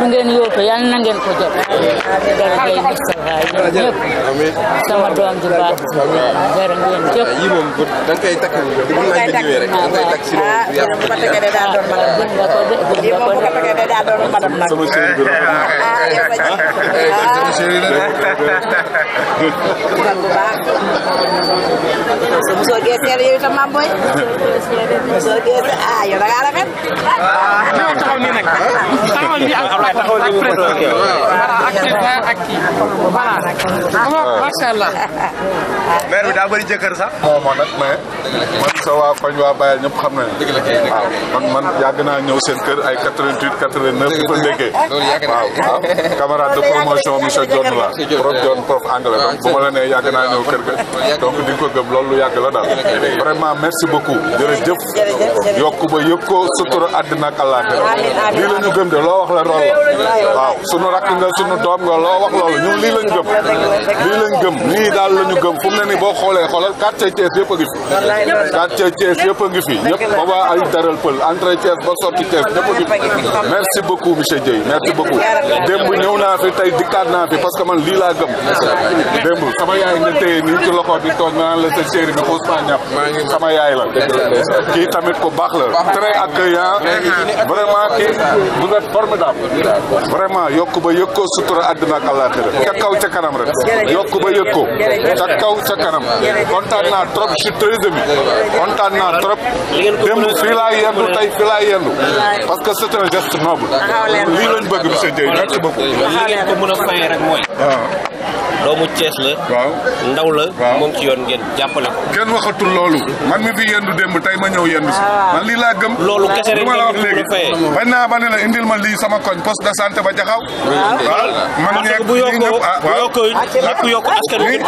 bu ngeen yóotu yàlla na ngeen ko sama doom ju baax jërë ngeen jëf yi moom da nga koy di mën naa jëndee rek da ngay takk si loolu yàlla bu ko tegee daa doon mën a bind ko de bind ko de ko tegee sama chéri bi rafet na ah yow ba jëf sama chéri la de musoo geesee la yow itam ah yow da ngaa rafet ah taxaw nii nag aktifnya aktif masya Allah maire bi daa bëri jëkkër sax moom moo nag mais man sa waa koñ waa Baye ñëpp xam na waaw man man yàgg naa ñëw seen kër ay 88 89 di fa déggee waaw waaw camarade de promotion monsieur John la prof John prof anglais donc bu ma la nee yàgg naa ñëw kër ga donc di ko gëm loolu yàgg la daal vraiment merci beaucoup jërëjëf yokk ba yëg ko sutura àddina ak àllaaxira lii la ñu gëm de loo wax la lool la waaw sunu rakk nga sunu doom nga loo wax loolu ñun lii lañ gëm lii lañ gëm lii daal la ñu gëm fu mu ne nii boo xoolee xoolal quartier Thiès yëpp a ngi fi quartier Thiès yëpp ngi fi ñëpp ba ba ay daral pël entre Thiès ba sorti Thiès ñëpp ngi fi merci beaucoup monsieur Dieye merci beaucoup démb ñëw naa fi tey dikkaat naa fi parce que man lii laa gëm démb sama yaay nga téye nii ci loxo di toog naa la sa chéri bi xuus maa ñàpp sama yaay la kii tamit ku baax la très accueillant vraiment kii vous êtes formidable vraiment yokku ba yokko sutura aduna ak àllaaxira ca kaw ca kanam rek yokku ba yokko ca kaw ca kanam kontaan naa trop je suis très ému kontaan trop dem fii laa yendu tey fii laa yendu parce que c'est un geste noble li lañ bëgg bi sey jey merci beaucoup li ngeen ko mëna fay rek moy doomu ties la ndaw la moom ci yoon ngeen jappale ko kenn waxatul loolu man mi fi yendu démb tay ma ñew yendu ah. man li la gëm lolu kessere rek ma la wax léegi bañ naa ba indil ma li sama koñ poste de santé ba jaxaw. waaw man nekk bu yokkoo ah, bu yokkoo ah, ñëpp yokk askan wi.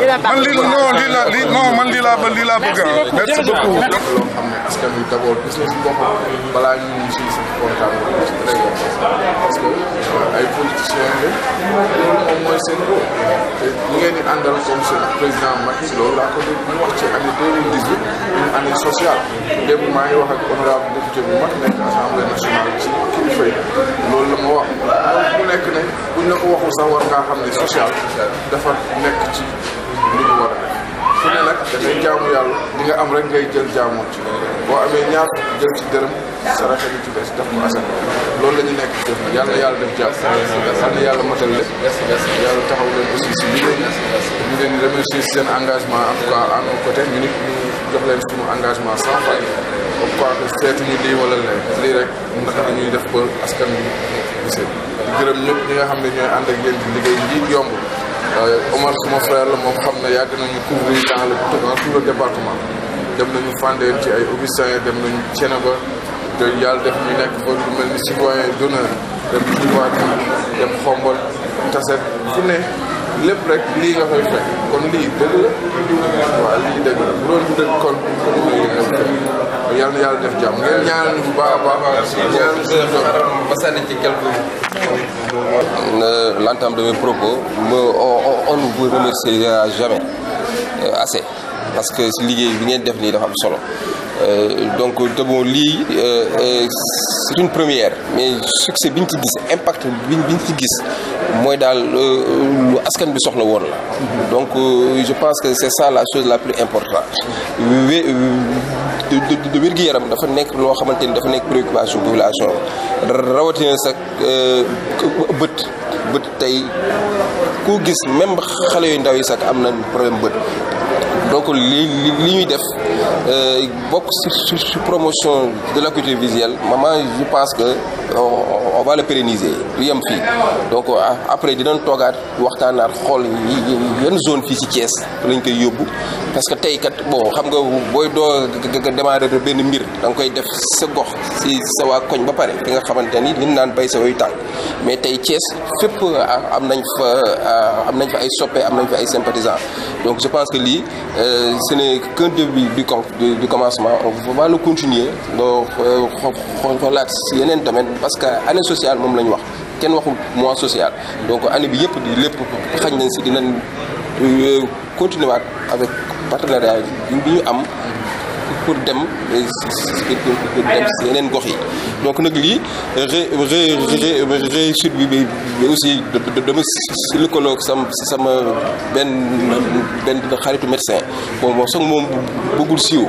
voilà man li non lii la lii non man lii laa ba lii laa bëgg a. Ah. merci beaucoup loo xam ne askan wi d'abord gis nañu boppam balaa ñuy suñu kontaan parce que euh, ay politiciens moom mooy seen rôle te li ngeen di àndal comme seen président Macky loolu laa ko dégg mu wax ci année 2018 une année sociale démb maa ngi wax ak honorable député bu mag nekk assemblée nationale ci kilifa yi loolu la ma wax donc mu nekk ne buñ la ko waxul sax war ngaa xam ne social dafa nekk ci li mu war su ne nag dafay jaamu yàlla di nga am rek ngay jël jaamoo ci boo amee ñaar jël ci dërëm saraxe bi ci bees def ko asan loolu la ñu nekk ci def yàlla yàlla def jàmm yàlla na yàlla motal lépp yàlla taxaw leen aussi si li leen ñu leen remercier seen engagement en tout cas à nos côtés ñu nit ñu engagement sans faille comme quoi que seetuñu lii wala leen lii rek naka la ñuy def ba askan bi gisee di gërëm ñëpp ñi nga xam ne ñooy ànd ak yéen ci liggéey njiit yomb waaye euh, suma frère la moom xam ne yàgg nañu couvrir dans le dans tout le département dem nañu Fandène ci ay Augustin dem nañu Thiénaba te yàlla def ñu nekk fa lu mel ni citoyen d'honneur dem Tivaouane dem Xombol taset fu ne lépp rek lii nga fay fekk kon lii dëgg la waaw lii dëgg la bu doon yàlla na yàlla def jàmm ngeen ñaanal ñu bu baax a baax ñaanal ñu suñu doom ba sànni L'entendre de mes propos, on ne vous remerciera jamais euh, assez parce que ce bi rien def nii dans le solo. Euh, donc te bon lii euh, euh, c'est une première mais succès bi ñu ci gis impact bi ñu ci gis mooy daal lu askan bi soxla woon la donc je pense que c'est ça la chose la plus importante de wérgu yaram dafa nekk loo xamante ni dafa nekk préoccupation population rawatina sax bët bët tey ku gis même xale yu ndaw yi sax am na problème bët donc li li ñuy def euh, bokk ci ci promotion de la culture visuelle maman je pense que on va le pérenniser lu yem fii donc euh, après dinañ toogaat waxtaanaat xool yenn zone fii ci Thiès lañ koy yóbbu parce que tey kat bon xam nga booy doo démarrer benn mbir da nga koy def sa gox si sa waa koñ ba pare fi nga xamante ni liñ naan bay sa wayu tànk mais tey Thiès fépp euh, am nañ fa am nañ fa ay soppe am nañ fa ay sympathisants donc je pense que lii euh, ce n'est qu'un début du, du, du, commencement. On va le continuer. Donc, euh, relax un domaine parce que année sociale moom la ñu wax kenn waxul mois social. donc année bi yëpp di lépp xañ nañ si dinañ euh, continuer waat avec partenariat bi am. pour dem euh, pour si yeneen gox yi donc nag lii réussite bi aussi dama lëkkaloog sama sama benn benn xaritu médecin bon soog moom bëggul siiw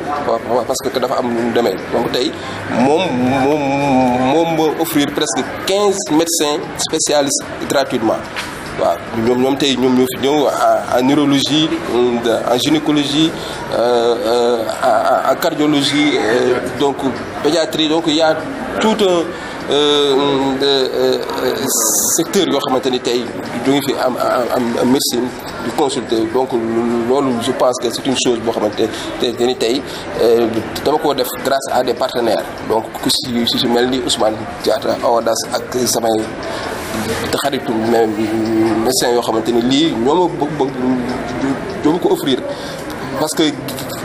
parce que dafa am lu mu demee donc tey moom moom moom moo offrir presque quinze médecins spécialistes gratuitement ñom ñom tay ñom ñoom ñoo fi ñëw ah, en neurologie en gynécologie euh, euh, en cardiologie euh, donc pédiatrie donc il y a tout un secteur yoo xamante ni tey ñu ngi fi am am médecine di consulter donc lolu je pense que c'est une chose boo xamante te ni tey dama ko def grâce à des partenaires donc ku si si si ni Ousmane Diatta Awadas ak samay xaritu même médecins yoo xamante ni lii ñoo ma bëgg bëgg parce que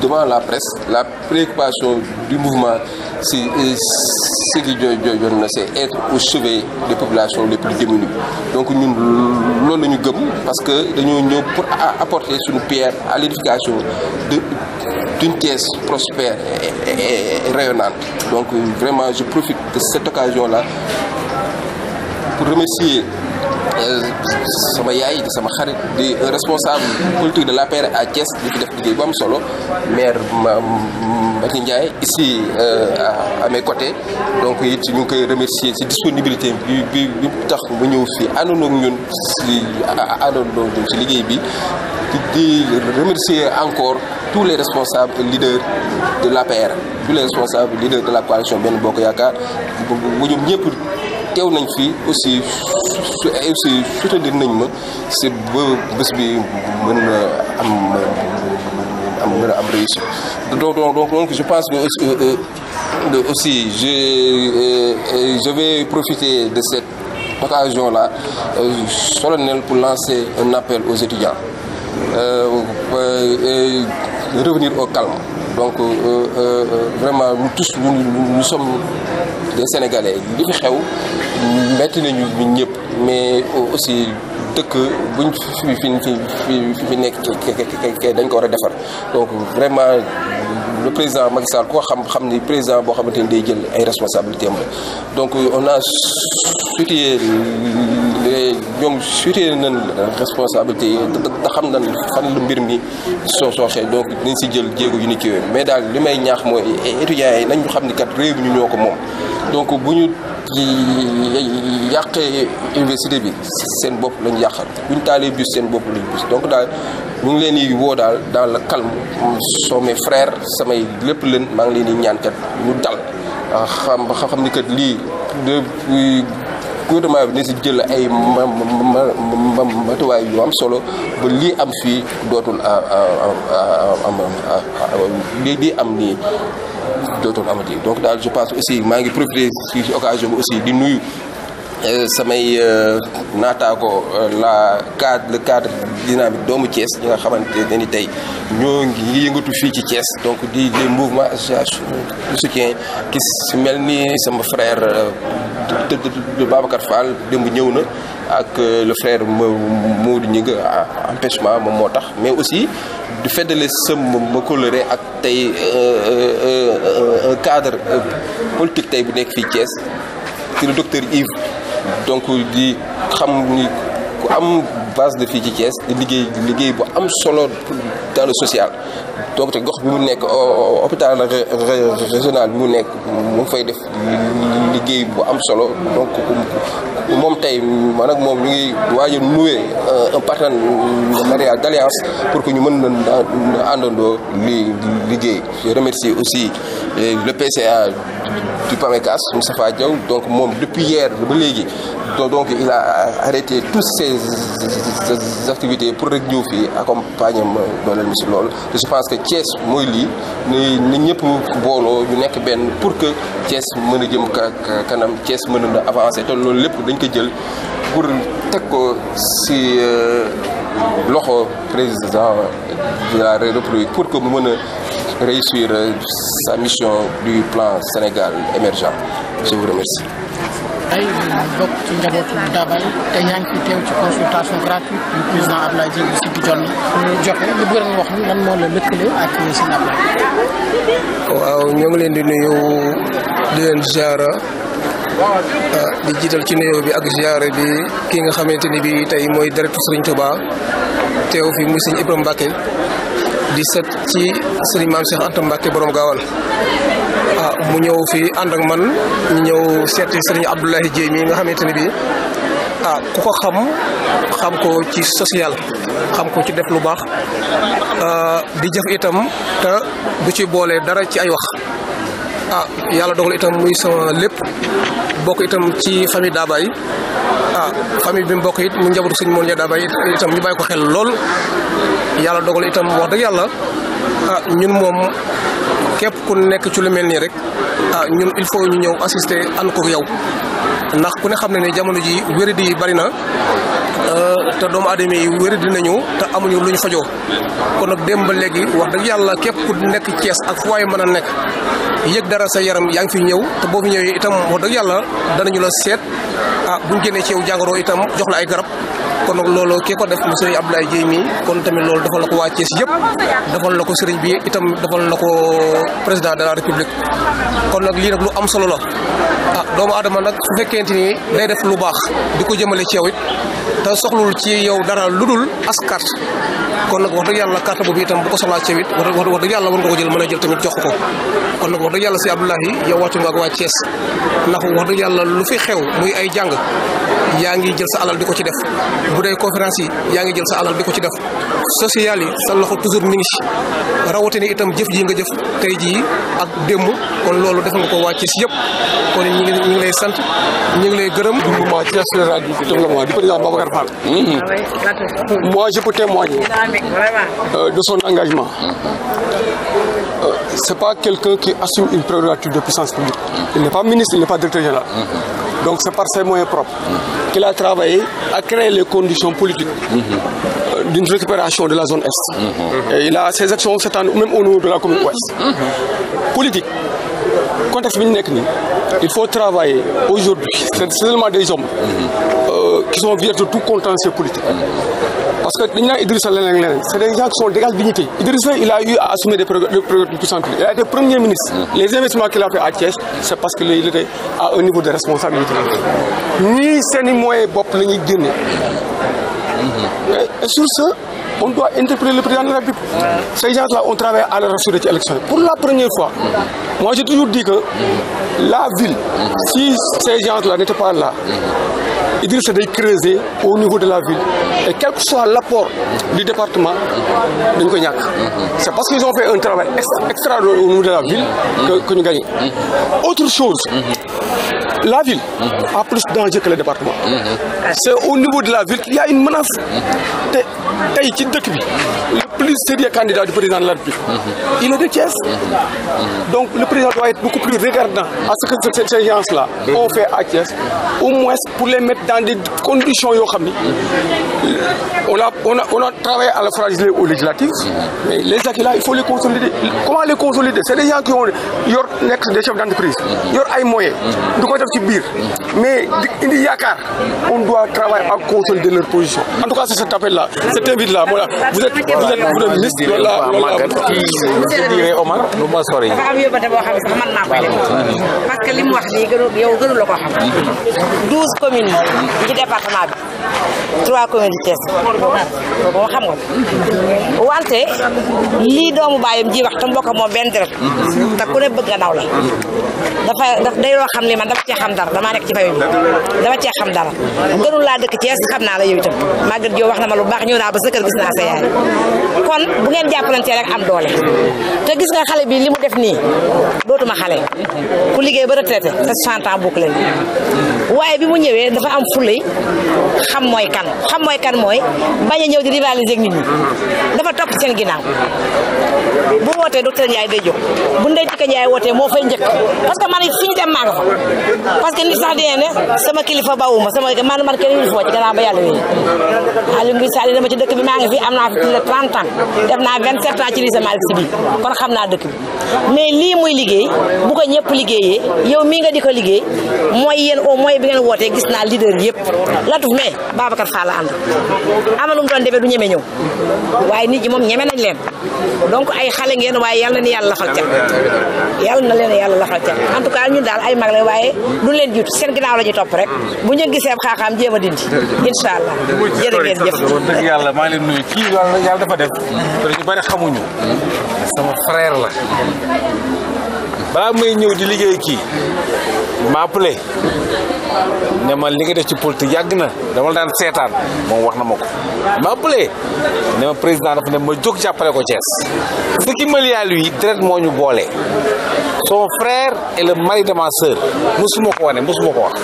devant la presse, la préoccupation du mouvement, c'est être au chevet des populations les plus démunies. Donc nous, nous, parce que nous, nous pour apporter une pierre à l'éducation d'une caisse prospère et rayonnante. Donc vraiment, je profite de cette occasion-là pour remercier euh, sama yaay sama xarit di responsable politique de la l'APR à Thiès di fi def liggéey bu am solo maire Mati Ndiaye ici euh, à mes côtés donc it ñu ngi koy remercier ci disponibilité bi bi bi tax mu ñëw fii àndoon ñun ci àndoon ñun ci liggéey bi di remercier encore tous les responsables et leaders de la l'APR tous les responsables leaders de la coalition Benno Bokk Yaakaar bu ñu ñëpp teew nañ fi aussi su aussi soutenir nañ ma si ba bés bi mën a am am mën a am réussite donc donc donc je pense que euh, euh, euh, aussi je je vais profiter de cette occasion là solennel pour lancer un appel aux étudiants euh, revenir au calme donc euh, euh, euh, vraiment nous tous nous sommes des Sénégalais mais aussi nous sommes donc vraiment le président Macky Sall président donc on a soutenu ñoom suutee nañ responsabilité yi te xam nañ fan lu mbir mi soo sooxee donc dañ si jël jéego yu ni kiiwee mais daal li may ñaax mooy étudiants yi nañu xam ni kat réew ñu ñoo ko moom donc bu ñu yàqee université bi seen bopp lañu yàqal bu taalee bus seen bopp lañu bus donc daal ñu ngi leen di woo daal dans le calme soo mes frères samay lépp leen maa ngi leen di ñaan kat ñu dal xam xam ni kat lii gouvernement bi ni si jël ay ma ma matuwaay yu am solo ba lii am fii dootul am lii di am nii dootul amati donc daal je pense aussi maa ngi profité ci occasion bi aussi di nuyu Euh, samay euh, naataako euh, la cadre le cadre dynamique doomu Thiès ñi nga xamante ne ni tey ñoo ngi yëngatu fii ci cees donc di des mouvements association de soutien ki si mel ni sama frère Babacar Fall démb ñëw na ak le frère Modou Gningue empêchement moom moo tax mais aussi du feddale sëm ma coloré ak tey un cadre politique tey bu nekk fii Thiès ci le docteur Yves donc il dit base de fii ci Thiès di liggéey bu am solo dans le social donc te gox bi mu hôpital régional bi mu nekk mu fay def liggéey bu am solo donc moom tey man ak moom ñu ngi waaj a nouer un partenariat d'alliance pour que ñu mën a àndandoo li liggéey. je remercie aussi eh, le PCA du PAMECAS Moustapha Diaw donc moom depuis hier ba léegi donc il a arrêté toutes ses, activités pour accompagner M. Loll. je pense que Thiès Mouli n'est pas là pour booloo pour que Thiès mën avance. jëm kanam avancer pour que le si euh, président de la République pour que réussir sa mission du plan Sénégal émergent je vous remercie Faye bokk ci njabootu Dabay te yaa ngi teew ci consultation gratuite du président Abdoulaye Dieng si bu jonn joxe ñu bëgg nga wax ni lan moo la lëkkale ak seen Abdoulaye. waaw ñoo ngi leen di nuyu di leen ziara ah, di jiital ci nuyoo bi ak ziara bi ki nga xamante ni bi tey mooy deretu Serigne Touba teew fi muy Serigne Ibrahima di set ci Serigne Maam Cheikh Anta Mbacke borom gaawal. mu ñëw fii ànd man ñu ñëw seeti sëriñ Abdoulaye Dieye mi nga xamante ne bii ah ku ko xam xam ko ci social xam ko ci def lu baax ah, di jëf itam te du ci boole dara ci ay wax ah yàlla dogal itam muy sama lépp bokk itam ci famille Dabaye ah famille bi mbokk bokk it mu njabootu suñ moon ja Dabaye itam ñu bàyyi ko xel lool yàlla dogal itam wax dëgg yàlla ah, ñun moom. képp ku nekk ci lu mel nii rek ah ñun il faut ñu ñew assister an ko yow ndax ku ne xam ne ne jamono ji wéridi yi bari na euh, te doomu aadama yi wéridi nañu te amuñu luñu fajo kon nak dem ba wax dëgg yalla képp ku nekk ess ak fu mëna a nekk yëg dara sa yaram yaa fi ñew te bo fi ñëwee itam wax dëgg yalla dañu la sét ah buñu génnee ci yow jangoro itam jox la ay garab kon nag loolu kii ko def mu sëriñ Abdoulaye Dieye mii kon tamit loolu defal na ko waa Thiès yëpp defal na ko sëriñ bi itam defal na ko président de la république kon nag lii nag lu am solo la ah doomu aadama nag su fekkente ni day def lu baax di ko jëmale ci yow it te soxlul ci yow dara lu dul askat kon nag wax dëgg yàlla carte boobu itam bu ko soxlaa ceeb it wax yàlla war nga ko jël mën a jël tamit jox ko kon nag wax dëgg yàlla si Abdoulahi yow wàccu nga ak waa Thiès ndax wax yàlla lu fi xew muy ay jàng yaa ngi jël sa alal di ko ci def bu dee conférence yi yaa ngi jël sa alal di ko ci def social yi sa loxo toujours mi ngi ci rawatina itam jëf yi nga jëf tey jii ak démb moi je peux témoigner euh, de son engagement. Euh, c'est pas quelqu'un qui assume une prérogative de puissance publique. Il n'est pas ministre, il n'est pas directeur général. Mhm. Donc c'est par ses moyens propres qu'il a travaillé à créer les conditions politiques mhm. euh, d'une récupération de la zone Est. Mhm. il a ses actions s'étendent même au niveau de la commune Ouest. Politique contexte il faut travailler aujourd'hui c'est seulement des hommes euh, qui sont virés de tout contentieux politiques. parce que ce c'est des gens qui sont de dignité Idrissa il a eu à assumer des prérogatives tout il a été premier ministre mmh. les investissements qu'il a fait à Thiès c'est parce qu'il était à un niveau de responsabilité Nous, c'est ni moyen la ñuy mmh. et sur ce on doit interpeller le président de la République. Ces gens-là on travaille à la ressource électorale. élection. Pour la première fois, moi j'ai toujours dit que la ville, si ces gens-là n'étaient pas là, veulent se creuser au niveau de la ville et quel que soit l'apport du département c'est parce qu'ils ont fait un travail extraordinaire au niveau de la ville que nous gagnons. autre chose la ville a plus danger que le département c'est au niveau de la ville qu'il y a une menace Taïti le plus sérieux candidat du président de la République il est de Thiès donc le président doit être beaucoup plus regardant à ce que cette séance là on fait à Thiès au moins pour les mettre dans des conditions yo on a on a on a travaillé à la fragiliser au législatif mais les acquis là il faut les consolider comment les consolider c'est des gens qui ont yor nekk des chefs d'entreprise yor ay moyens du ko def ci bir. mais indi yaakaar on doit travailler à consolider leur position en tout cas c'est cet appel là cet invite là voilà vous êtes vous êtes vous êtes ministre Omar. la loolu la sori parce que li mu wax nii gënu yow gënu la ko xam douze communes bi ci département bi trois communes yi Thiès boo xam nga wante lii doomu baayam ji wax te mbokk moom benn deret mhm. te ku ne bëgg nga naw la mhm. dafa daf day loo xam ni man dama cee xam dara damaa nekk ci fayu dama cee xam dara gënul laa dëkk Thiès xam naa la yow itam Maguette Diop wax na ma lu baax ñëw naa ba sa kër gis naa sa yaay kon bu ngeen jàppalantee rek am doole te gis nga xale bi li mu def nii dootuma xale ku liggéey ba retraité te 60 ans bokk leen waaye bi mu ñëwee dafa am fulay xam mooy kan xam mooy kan mooy bañ a ñëw di rivaliser ak nit ñi dafa topp seen ginnaaw bu wootee docteur Ndiaye day jóg bu ndey dikka Ndiaye moo njëkk parce que man fi ñu dem maa sama kilifa bawuma sama man man kenn ñu foo yàlla wéy Aliou Ngouille Sall ci dëkk bi maa ngi fi am naa fi plus de naa 27 ans ci lycée Malick kon xam naa dëkk bi mais lii muy liggéey bu a ñëpp liggéeyee yow mii nga di ko liggéey mooy yéen au moins bi ngeen wootee gis naa leader yëpp latuf mais Babacar Fall la ànd ama nu mu doon defee du ñeme ñëw waaye nit ñi moom ñeme nañ leen donc ay xale ngeen waaye yal na ni yàlla lafal cat yal na leen yàlla lafal cat en tout cas ñun daal ay mag la waaye leen jiitu seen ginnaaw la ñuy rek bu ñu gisee xaaxaam jéem a dindi incha allah jërë ngeen jëf dëgg yàlla maa ngi leen nuyu kii yàlla dafa def te ñu bari xamuñu sama frère la balaa may ñëw di liggéey kii ma appelé ne ma li nga def ci politique yàgg na dama la daan seetaan moom wax na ma ko ma bële ne ma président dafa ne ma jóg jàppale ko Thiès. ce qui me lie lui direct moo ñu boole son frère et le mari de ma sœur mosuma ko wane mosuma ko wax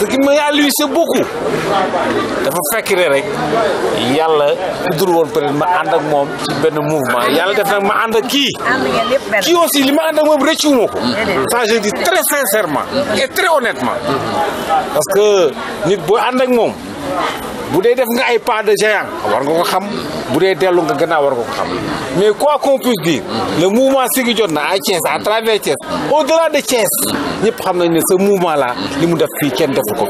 ce qui me lie à lui c'est beaucoup dafa fekk ne rek yàlla tuddul woon peut-être ma ànd ak moom ci benn mouvement yàlla def nag ma ànd ak kii kii aussi li ma ànd ak moom rëccuwuma ko ça je dis très sincèrement et très honnêtement parce que nit boo ànd ak moom bu dee def nga ay pas de géant war nga ko xam bu dee dellu nga gannaaw war ko xam mais quoi qu'on puisse dire le mouvement Siggi na ay Thiès à travers Thiès au-delà de Thiès ñëpp xam nañ ne se mouvement la li mu def fii kenn def ko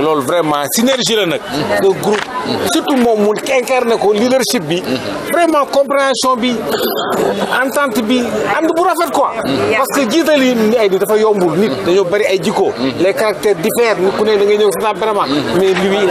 loolu vraiment synergie la nag le groupe surtout moom mu ne ko leadership bi vraiment compréhension bi entente bi ànd bu rafet ko parce que jiital yi ay di dafa yombul nit dañoo bari ay jikko les caractères diffèrent da ngay ñëw si vraiment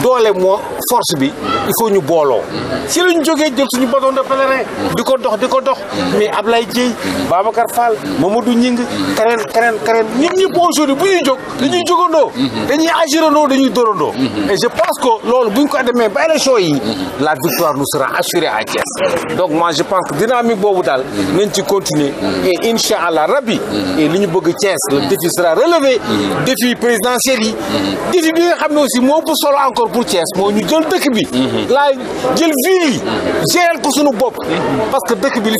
doole moo force bi il faut ñu booloo si la ñu jógee jël suñu bâton de pèlerin di ko dox di ko dox mais Ablaye Dieye Babacar Fall Mamadou Ñing keneen keneen keneen ñun ñëpp aujourd'hui bu ñuy jóg dañuy jógandoo dañuy agirandoo dañuy dóorandoo et je pense que loolu buñ ko demee ba élection yi la victoire nous sera assurée à Thiès donc moi je pense que dynamique boobu daal nañ ci continuer et incha allah rabbi et li ñu bëgg Thiès le défi sera relevé défi présidentiel yi défi bi nga xam ne aussi moo bu solo encore pour Thiès mooy ñu jël dëkk bi. Mhm. jël vie J'ai mhm. parce que dëkk bi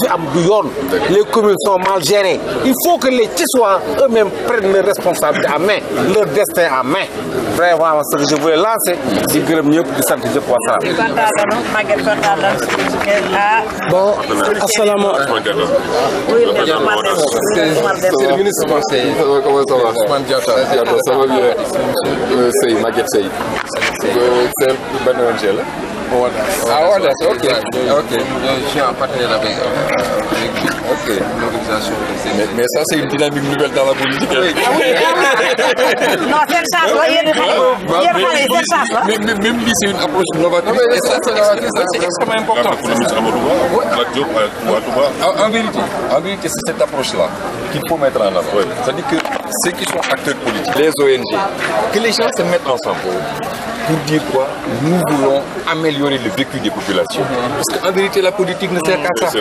les communes sont mal gérées il faut que les Thiessois eux-mêmes prennent leurs responsabilités à main leur destin à main ce que je voulais lancer. C'est un là. Ah, ouais ok. Ok. Je suis en partenariat avec, l'organisation mais, mais ça, c'est une dynamique nouvelle dans la politique. Oui. oui, Non, c'est ça, mais, même si c'est une approche novatrice, c'est extrêmement important. En vérité, en vérité c'est cette approche-là qu'il faut mettre en avant. C'est-à-dire que ceux qui sont acteurs politiques, les ONG, que les gens se mettent ensemble pour dire quoi Nous voulons améliorer le vécu des populations. Mhm. Parce qu'en vérité, la politique ne sert mhm. qu'à ça.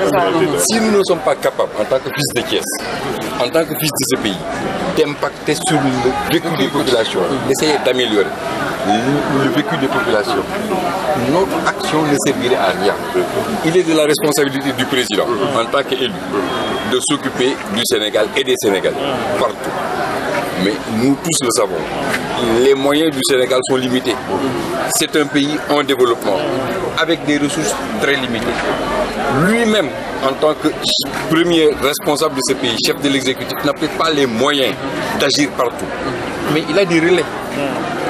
Si nous ne sommes pas capables, en tant que fils de pièces, en tant que fils de ce pays, d'impacter sur le vécu des populations, mhm. d'essayer d'améliorer le vécu des populations, notre action ne servirait à rien. Il est de la responsabilité du président, en tant qu'élu, de s'occuper du Sénégal et des Sénégalais, partout. Mais nous tous le savons les moyens du Sénégal sont limités. C'est un pays en développement, avec des ressources très limitées. Lui-même, en tant que premier responsable de ce pays, chef de l'exécutif, n'a peut-être pas les moyens d'agir partout. Mais il a des relais.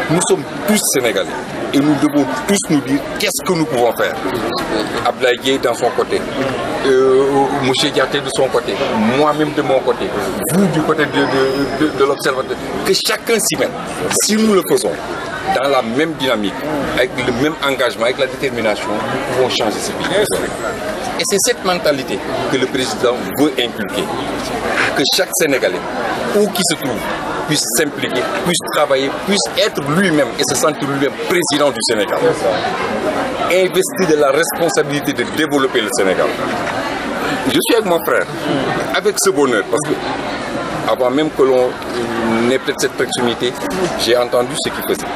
Nous sommes tous Sénégalais et nous devons tous nous dire qu'est-ce que nous pouvons faire. Ablaye dans son côté, euh, Monsieur de son côté, moi-même de mon côté, vous du côté de, de l'observateur, que chacun s'y mette. Si nous le faisons, dans la même dynamique, avec le même engagement, avec la détermination, nous pouvons changer ce pays. Et c'est cette mentalité que le président veut inculquer. Que chaque Sénégalais, où qu'il se trouve, puisse s'impliquer, puisse travailler, puisse être lui-même et se sentir lui-même président du Sénégal. Investir de la responsabilité de développer le Sénégal. Je suis avec mon frère, avec ce bonheur, parce que avant même que l'on n'ait peut-être cette proximité, j'ai entendu ce qu'il faisait,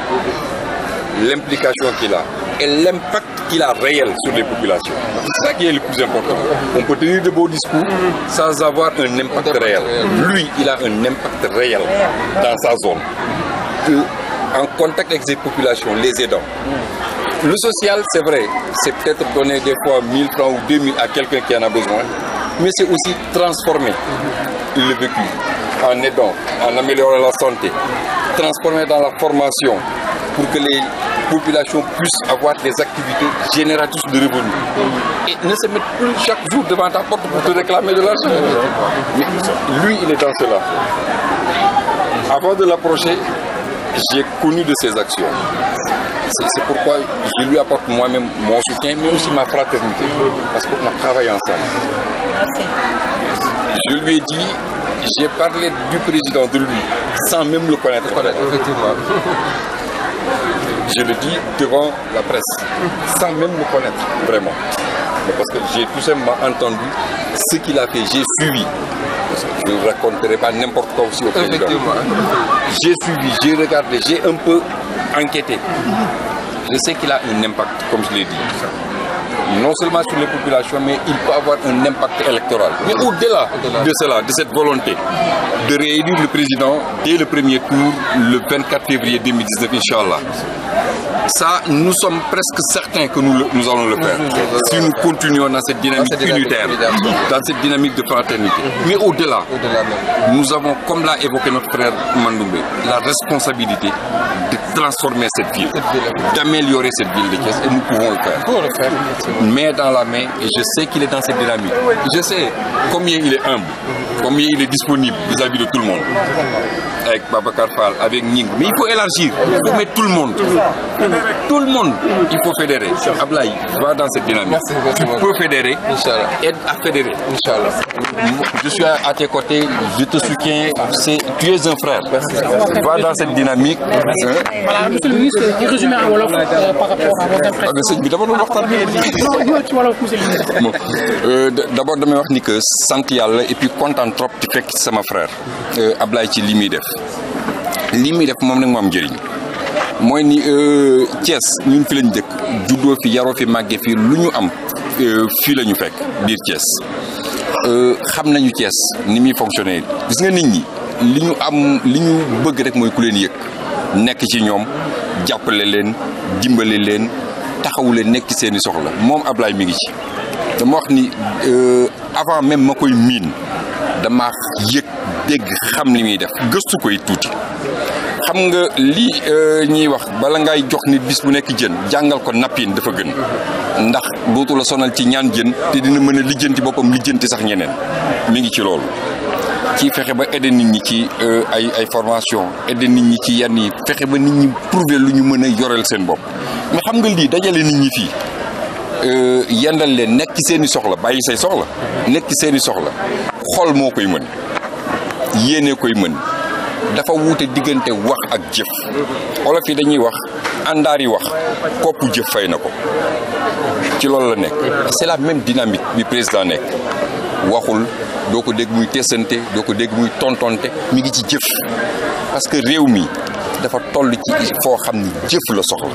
l'implication qu'il a, et l'impact qu'il a réel sur les populations. C'est ça qui est le plus important. On peut tenir de beaux discours sans avoir un impact réel. Lui, il a un impact réel dans sa zone. en contact avec ses populations, les aidants. Le social, c'est vrai, c'est peut-être donner des fois 1000 francs ou 2000 à quelqu'un qui en a besoin, mais c'est aussi transformer le vécu en aidant, en améliorant la santé, transformer dans la formation pour que les population puisse avoir des activités génératrices de revenus. Et ne se mettre plus chaque jour devant ta porte pour te réclamer de l'argent. Mais lui, il est dans cela. Avant de l'approcher, j'ai connu de ses actions. C'est pourquoi je lui apporte moi-même mon soutien, mais aussi ma fraternité, parce qu'on a travaillé ensemble. Je lui ai dit, j'ai parlé du président de lui, sans même le connaître. Le connaître effectivement je le dis devant la presse, sans même me connaître, vraiment. parce que j'ai tout simplement entendu ce qu'il a fait, j'ai suivi. je ne raconterai pas n'importe quoi aussi au président. Hein. J'ai suivi, j'ai regardé, j'ai un peu enquêté. Je sais qu'il a un impact, comme je l'ai dit non seulement sur les populations, mais il peut avoir un impact électoral. Mais au-delà de cela, de cette volonté de réélire le président dès le premier tour, le 24 février 2019, Inch'Allah, ça, nous sommes presque certains que nous, allons le faire. Si nous continuons dans cette dynamique, unitaire, dans cette dynamique de fraternité. Mais au-delà, nous avons, comme l'a évoqué notre frère Mandoumbe, la responsabilité de transformer cette ville, d'améliorer cette ville de et nous pouvons le faire. Pour dans la main, et je sais qu'il est dans cette dynamique. Je sais combien il est humble, combien il est disponible vis-à-vis de tout le monde. Avec Baba Karpal, avec Ning. Mais il faut élargir, il faut mettre tout le monde tout le monde, il faut fédérer. Ablaï, va dans cette dynamique. Merci, merci tu peux fédérer, aide à fédérer. Je suis à tes côtés, je te soutiens, tu es un frère. Va dans cette dynamique. Hein? Monsieur le ministre, un résumé à Wolof euh, par rapport à votre impression. Ah, d'abord, je veux dire que euh, santé yàlla et puis content trop que ça, mon frère euh, Ablay, tu li muy def li muy def moom nag mooy ni euh, Thiès ñun fi lañ dëkk juddoo fi yaroo fi màggee fi lu ñu am euh, fii la ñu fekk biir Thiès euh, xam nañu cees ni muy fonctionner gis nga nit ñi li ñu am li ñu bëgg rek mooy ku leen yëg nekk ci ñoom jàppale leen dimbale leen taxawu leen nekk ci seeni soxla moom Ablaye mi ngi ci dama wax ni avant même ma koy miin dama yëg dégg xam li muy def gëstu koy tuuti xam nga li euh, ñuy wax bala ngay jox nit bis bu nekk jën jàngal ko nappiin dafa gën ndax dootu la sonal ci ñaan jën te dina mën a lijjanti boppam lijjanti sax ñeneen mu ngi ci loolu ci fexe ba aider nit ñi ci euh, ay ay formation aider nit ñi ci yenn yi fexe ba nit ñi prouver lu ñu mën a yoreel seen bopp mais xam nga lii dajale nit ñi fii euh, yendal leen nekk ci seen i soxla bàyyi say soxla nekk ci seen i soxla xol moo koy mën yéene koy mën dafa wuute digënté wax ak jëf olof yi dañuy wax yi wax kopp jëf fay nako ci loolu la nekk c'est la même dynamique bi président nekk waxul doo ko dégg muy tesante doo ko dégg muy tontonte mi ngi ci jëf parce que réew mi dafa toll ci foo xam ni jëf la soxla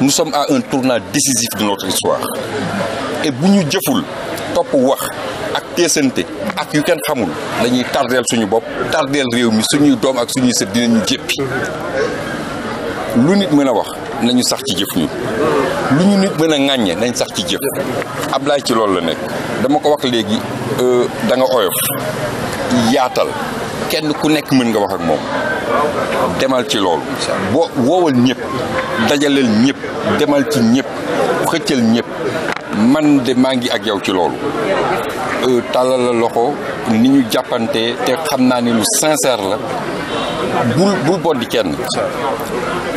nous sommes à un tournant décisif de notre histoire et bu ñu jëful top wax ak teesante ak yu kenn xamul dañuy tardel suñu bop tardel rew mi suñu dom ak suñu seut dinañu jéppi lu nit mëna wax nañu sax ci jëf ñu lu ñu nit mëna a nañ sax ci jëf ablay ci loolu la nek dama ko wax euh da nga oyof yaatal kenn ku nek mën nga wax ak mom demal ci loolu boo woowal ñëpp dajaleel demal ci ñepp xëccal ñepp man de maa ngi ak yow ci loolu euh, tàllal la loxo ni ñu jàppante te xam na ne lu sincère la bul bul boddi kenn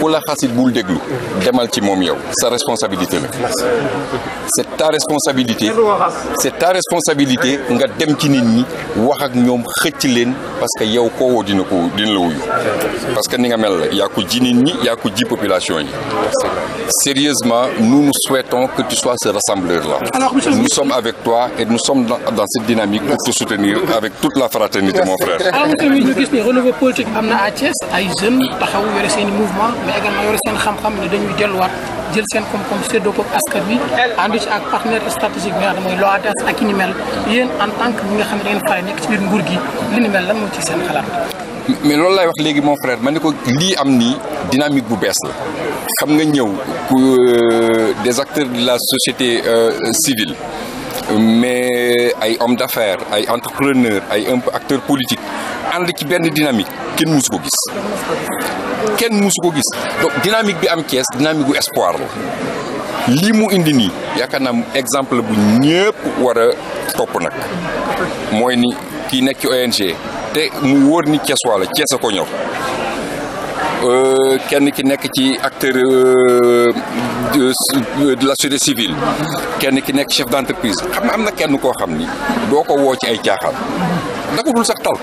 ku la xasit bul deglu demal ci mom yow sa responsabilité c'est ta responsabilité c'est ta responsabilité nga dem ci nit ñi wax ak ñom xëcc leen parce que yow ko woo dina ko dina la wuyu parce que ni nga mel ya ko ji nit ñi ya ko ji population yi sérieusement nous nous souhaitons que tu sois ce rassembleur là nous sommes avec toi et nous sommes dans, cette dynamique pour te soutenir avec toute la fraternité mon frère Thiès ay jeunes taxaw yore sen mouvement mais également yore sen xam-xam ne dañuy delluwaat jël seen comme koom séddoo ko askan wi ànd ci ak partenaire stratégique nga xam ne mooy LOADES ak i ni mel yeen en tant que ñi nga xam ne fay nek ci bir nguur gi li ni mel lan mo ci sen xalat mais loolu lay wax léegi mon frère ma ne ko lii am ni dynamique bu bess la xam nga ñëw euh, des acteurs de la société euh, civile. mais ay hommes d'affaires ay entrepreneurs ay un peu acteurs politiques ànd ci benn dynamique kenn musu ko gis kenn musu ko gis donc bi am Thiès dynamique bu espoir la lii mu indi nii yaakaar naa exemple bu ñëpp war a topp nag mooy ni kii nekk ci ONG te mu wóor ni Thiès waa la Thiès ko ñëw Euh, kenn ki nekk ci acteur euh, euh, de la société civile kenn ki nekk chef d'entreprise xam nga am na kenn koo xam ni doo ko woo ci ay caaxaan da dul sax tal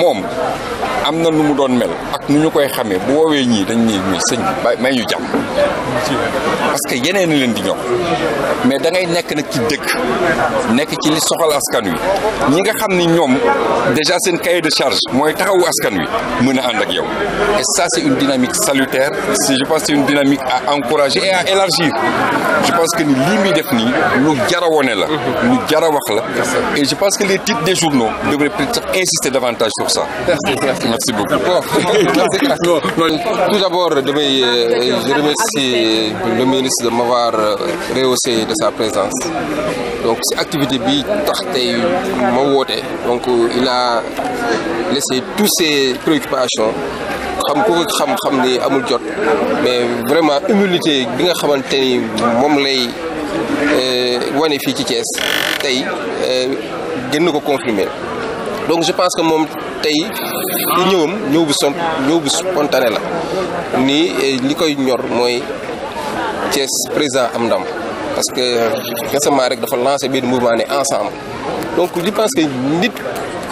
moom am na nu mu doon mel koy parce que yeneen leen di mais da ngay nekk Nous ci nekk ci li soxal askan wi ñi nga nous déjà cahier de charge taxawu askan wi et ça c'est une dynamique salutaire si je pense c'est une dynamique à encourager et à élargir je pense que ni lii def nii lu nous et je pense que les titres des journaux devraient insister davantage sur ça merci beaucoup tout d'abord, euh, je remercie le ministre de m'avoir euh, rehaussé de sa présence. Donc, cette activité bi Donc, euh, il a laissé toutes ses préoccupations mais vraiment l'humilité, bi nga je ni un homme je fii ci Thiès donc je pense que nous sommes spontanés. nous sommes bu spontané la eh, koy ñor parce que récemment rek lancé benn mouvement ensemble donc je pense que nous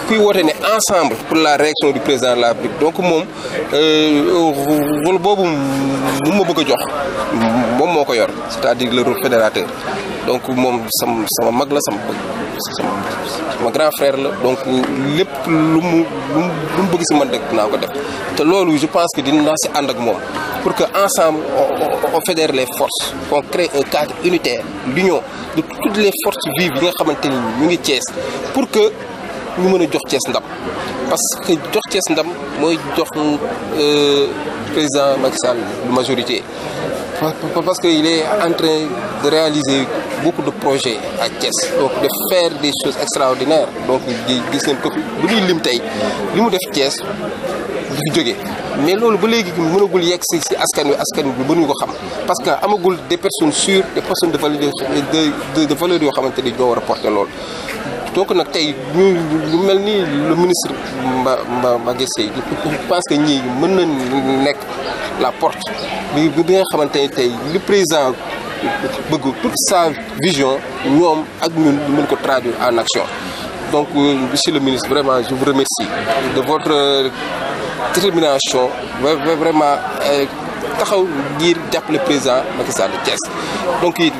sommes ensemble pour la réaction du président de la République donc nous sommes euh, boobu mu ma bëgg Je jox c'est-à-dire le rôle fédérateur donc moom sama sama mag la sama sama grand frère la donc lepp lu mu lu mu bëgg si man rek dinaa ko def te loolu je pense que dinaa si ànd ak moom pour que ensemble on fédère les forces qu'on crée un cadre unitaire l'union de toutes les forces vives yi nga xamante ni ñu ngi Thiès pour que ñu mën a jox Thiès ndam parce que jox Thiès ndam mooy jox euh, président Macky Sall majorité parce que il est en train de réaliser beaucoup de projets à Thiès. Donc de faire des choses extraordinaires. Donc gis nañ ko bu ñuy lim tey li def Thiès du fi mais loolu ba léegi mënagul yegg si si askan wi askan bi mënuñu ko xam parce que amagul des personnes sûres des personnes de valeur de de valeur yoo xamante ni ñoo war porter loolu donc le ministre m'a pense que nous la porte bi nga président toute sa vision ak en action donc euh, monsieur le ministre vraiment je vous remercie de votre euh, détermination vraiment. Euh, taxaw ngir jàppale président Macky Sall Thiès donc it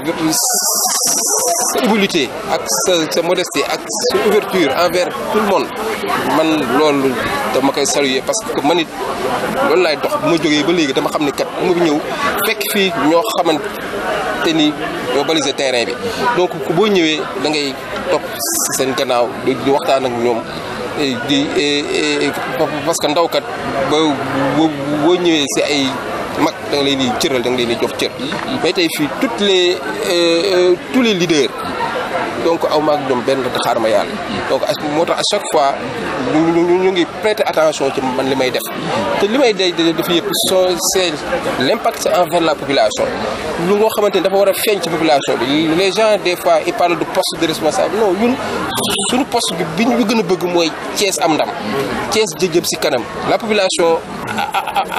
sa humilité ak sa sa ak sa ouverture envers tout le monde man loolu dama koy saluer parce que man it loolu laay dox bu ma jógee ba léegi dama xam ne kat bu ma ñëw fekk fii ñoo xamante ni ñoo balisé terrain bi donc boo ñëwee da ngay topp si seen gannaaw di waxtaan ak ñoom di parce que ndawkat ba boo ñëwee si ay mag da nga leen di cëral da nga leen di jox cër mais tey fii tout les euh, euh, tous les leaders donc ak benn donc à chaque fois ñu ñu ngi prêter attention ci man que nous def. te que nous day def yëpp c'est l'impact envers la population. lu nga xamanteni dafa wara a population bi les gens des fois ils parlent de poste de responsable non ñun suñu poste bi bi ñu gëna bëgg moy Thiès am ndam. Thiès de la kanam la population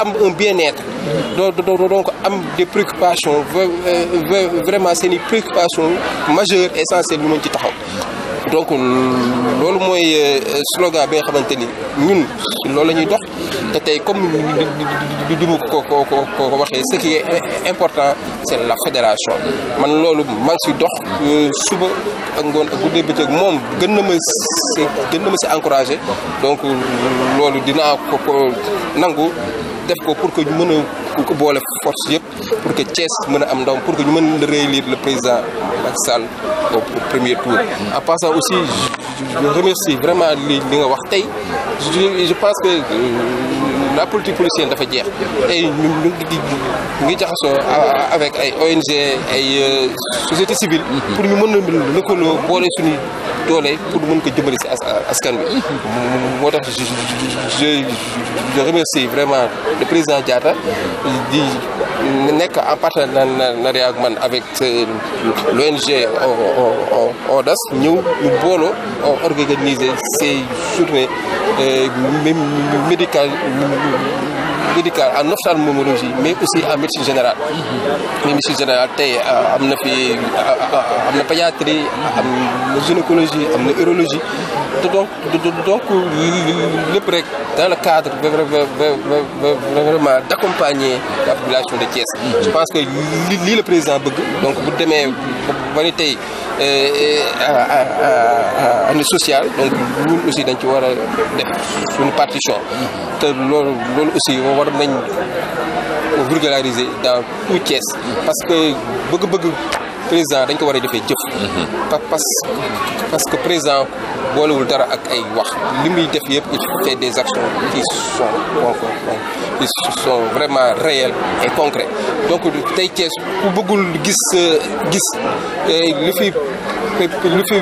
am un bien-être. donc am des préoccupations euh, vraiment c'est des préoccupations majeures essentielles dinañ ci taxaw. donc loolu mooy euh, sloga bi nga xamante ni ñun loolu la ñuy dox te tey comme du mu ko ko ko ko waxee ce qui est important c' est la fédération man loolu maa si dox euh, suba ak ngoon ak guddee bëccëg moom gën na ma si gën na si encouragé loolu dinaa ko ko nangu. def ko pour que ñu mëna ko bolé force yépp pour que Thiès mëna am ndam pour que ñu mëna a réélire le président Macky Sall au premier tour. en passant aussi je remercie vraiment li li nga wax tay je pense que. Euh, la politique policière dafa jeex et ñu ngi jaxasoo avec ay ONG ay euh, société civile mm-hmm. pour ñu mëna le lëkkaloo boole suñu doole pour mën ko jëmbali si askan bi moo tax je je remercie vraiment le président Diatta nekk en partenariat ak man avec l'ONG ODAS ñëw ñu booloo organiser ces journées euh, médicales médical en ophtalmologie mais aussi en médecine générale mais médecine générale il euh, am na la euh, euh, pédiatrie gynécologie l'urologie. donc le PREC, dans le cadre vraiment d'accompagner la population de Thiès je pense que li le président bëgg donc bu demee ba ni tey sociale donc nous aussi nous ci def partition te aussi war nañ vulgariser dans tout Thiès parce que bëgg-bëgg président dañ ko war a defee jëf parce parce que président boolewul dara ak ay wax li muy def yëpp il fait des actions qui sont qui vraiment réelles et concrètes donc tey Thiès ku bëggul gis gis eh, li fi lu fi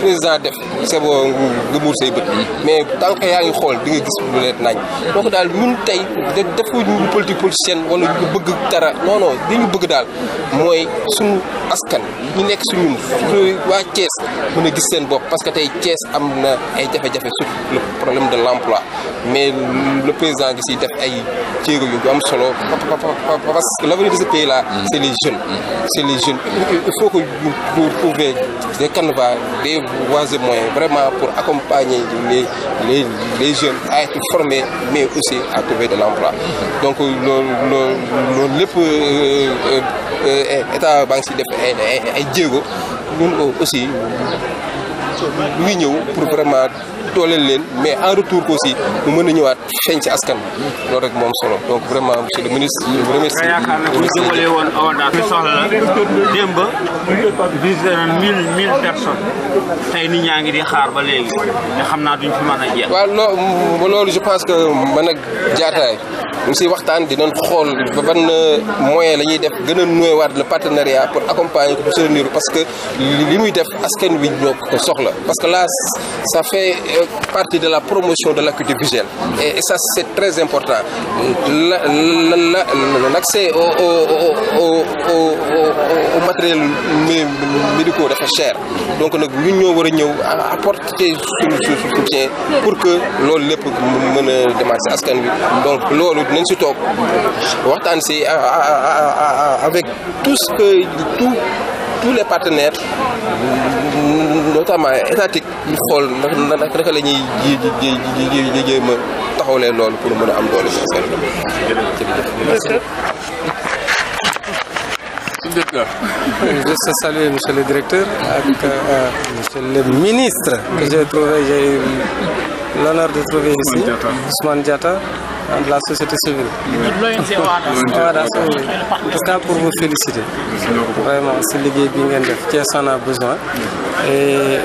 président def c'est bon nga muur say bët mais tant yaa ngi xool di nga gis lu leen nañ donc daal ñun tey def politique politicienne wala ñu bëgg dara non non li ñu bëgg daal mooy suñu askan ñu nekk suñu waa Thiès mën gis seen bopp parce que tey Thiès am na ay jafe problème de l'emploi mais le président gi si def ay jéego yu am solo parce que l'avenir de ce pays là c'est les jeunes c'est les jeunes il ñu trouver des canevas, des voies moyens, vraiment pour accompagner les, les, les, jeunes à être formés, aussi à trouver de l'emploi. Donc, euh, le, le, le, euh, euh, état banque si def ay ay jéego ñun aussi ñuy ñëw pour vraiment dooleel leen mais en retour aussi mu mën a ñëwaat feeñ ci askan bi rek mom solo donc vraiment monsieur le ministre je vous remercie. yaakaar ne bu ñu won woon fi soxla demba visé nañ 1000 1000 personnes tay nit ñaa ngi di xaar ba légui te xamna duñ fi mëna a wa waaw non loolu je pense que man ak jaataay. ñu ci waxtaan dinañ xool ba ban euh, moyen lañuy def gën a nuyewaat le partenariat pour accompagner ko pour soutenir parce que li muy def askan wi ñoo ko soxla parce que là ça fait euh, partie de la promotion de l'acuité visuelle. Et, ça, c'est très important. L'accès au, au, au, au, matériel médical est cher. Donc, l'Union Européenne apporte des soutien pour que l'on puisse démarrer à ce Donc, l'on a surtout avec tout ce tous les partenaires, notamment étatiques, ñu xool naka naka la ñuy ji ji ji ji ma taxawlee loolu pour mën a am doole si seen domaine. Je salue monsieur le directeur avec euh, monsieur le ministre que j'ai trouvé j'ai l'honneur de trouver ici Ousmane Diata de la société civile. Voilà, en tout cas pour vous féliciter. Vraiment, c'est le qui ngeen en a besoin. Et euh,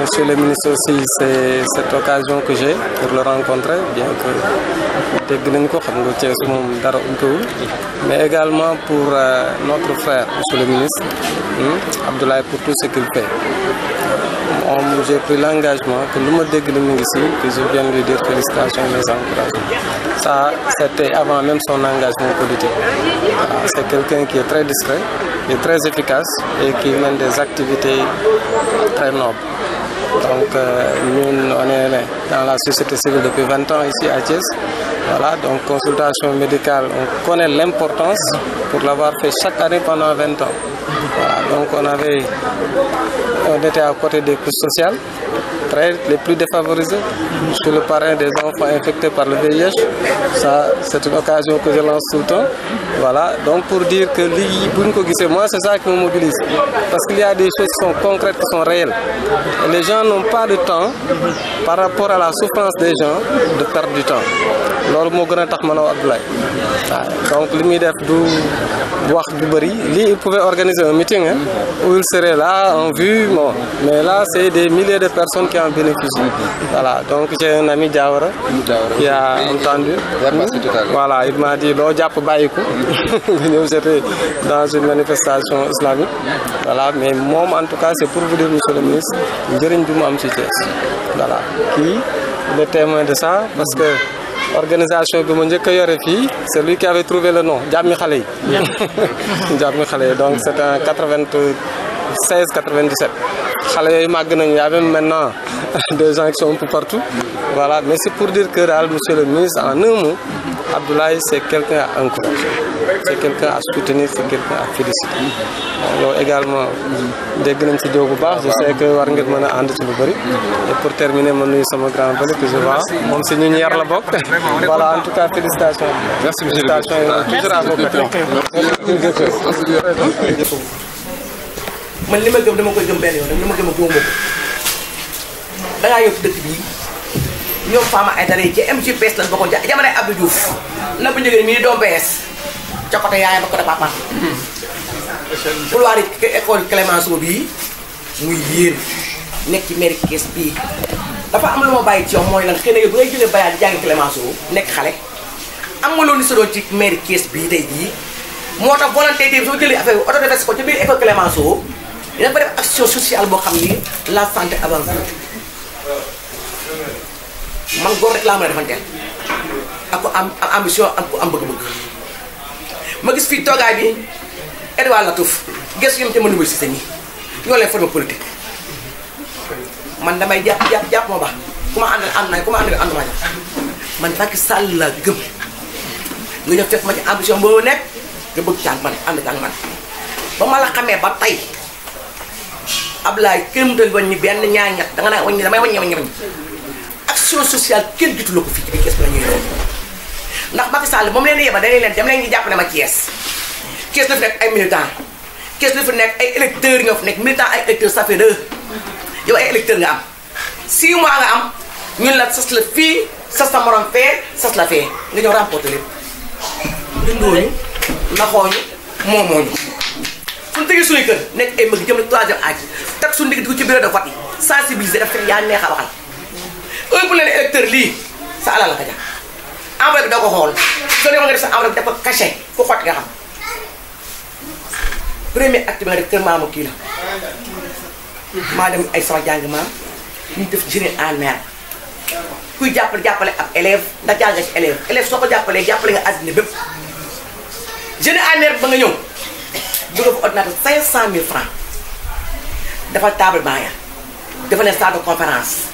monsieur le ministre aussi, c'est cette occasion que j'ai pour le rencontrer, bien que je Mais également pour euh, notre frère, monsieur le ministre, hmm, Abdoulaye pour tout ce qu'il fait j'ai pris l'engagement que le ici ici que je viens lui dire félicitations et mes encouragements. Ça, c'était avant même son engagement politique. C'est quelqu'un qui est très discret, qui très efficace et qui mène des activités très nobles. Donc, euh, nous, on est dans la société civile depuis 20 ans ici à Thiès. Voilà, donc consultation médicale, on connaît l'importance pour l'avoir fait chaque année pendant 20 ans. Voilà, donc on avait, on était à côté des coûts sociaux les plus défavorisés. Je le parrain des enfants infectés par le VIH. Ça, c'est une occasion que je lance tout le temps. Voilà, donc pour dire que moi, c'est ça qui me mobilise. Parce qu'il y a des choses qui sont concrètes, qui sont réelles. les gens n'ont pas de temps par rapport à la souffrance des gens de perdre du temps. Leur Donc, ils pouvaient organiser un meeting hein, où ils seraient là en vue bon mais là c'est des milliers de personnes qui en bénéficient voilà donc j'ai un ami Diawara qui a entendu voilà il m'a dit loo jàpp dans une manifestation islamique voilà mais moi en tout cas c'est pour vous dire monsieur le ministre qui est voilà le témoin de ça parce que organisation bi monde qui a qui, c'est lui qui avait trouvé le nom Djab xale yi. jàmmi donc c'est un 96 97. Il y avait même maintenant des gens qui sont un peu partout voilà mais c'est pour dire que réal monsieur le ministre en un mot Abdoulaye, c'est quelqu'un à encourager, c'est quelqu'un à soutenir, c'est quelqu'un à féliciter. également des de je sais que je ngeen en et pour terminer je suis mon grand père je vois Mon voilà en tout cas félicitations. merci monsieur le Merci. ñom Fama ay yi ci mc pes lañ bokon ja jamono Abdou Diouf la bu njëgee mi ni dom pes ci côté yaay ba ko da papa couloir yi école Clémenceau bi muy yeen nek ci mairie kess bi dafa am luma ma ci yow moy lan xéne bu ngay jëlé bayal jang jàngi Clémenceau nekk xale am nga loolu ni sa ci mairie kess bi tay bi motax volonté té soo jëlé affaire auto de ko ci biir école Clémenceau dina fa def action sociale boo xam la santé avant man góor rek laa mën a defanteel ak ko am ambition ak ko am bëgg-bëgg ma gis fii toogaay bi Edouard Latouf gis ñoom si seen yi ñoo leen damay jàpp jàpp moo baax ku ma àndal ànd naa ku ma àndal ànd maa man Macky Sall la gëm nga ñëw fekk ma ci ambition boobu nekk nga bëgg càng man ànd càng man ba ma la xamee ba tey Ablaye kenn mu doon wàññi benn ñaar ñett danga naa wàññi damay wàññi wàññi action sociale kenn gisuloo ko fii ci biir Thiès la ñuy yor ndax Macky Sall ba mu leen yebal dañuy leen dem leen ñu jàpp ne ma Thiès Thiès la fi nekk ay militants Thiès la fi nekk ay électeurs nga fi nekk militant ay électeurs ça fait deux yow ay électeurs nga am six mois am ñun la sas la fii sas sa morom fee sas la fee nga ñëw remporté lépp dundooñu naxooñu moomooñu suñu tëjee suñuy kër nekk ay mag jëm na troisième âge teg suñu digg dugg ci bureau de vote yi sensibiliser daf fekk yaa neex a waxal heure bu ne la électeur lii sa alal la ko jàpp enveloppe bi doo ko xool soo demoon nga def sa enveloppe def ko cachet ku xot nga xam premier acte bi nga def kër maamu kii la maa dem ay sama jàng maam ñu def jeunes en mer kuy jàppale jàppale ab élève ndax jàng ci élève élève soo ko jàppalee jàppale nga àddina bépp jeunes en mer ba nga ñëw bëgg fa ordinateur cinq cent mille francs dafa table baa dafa ne salle de conférence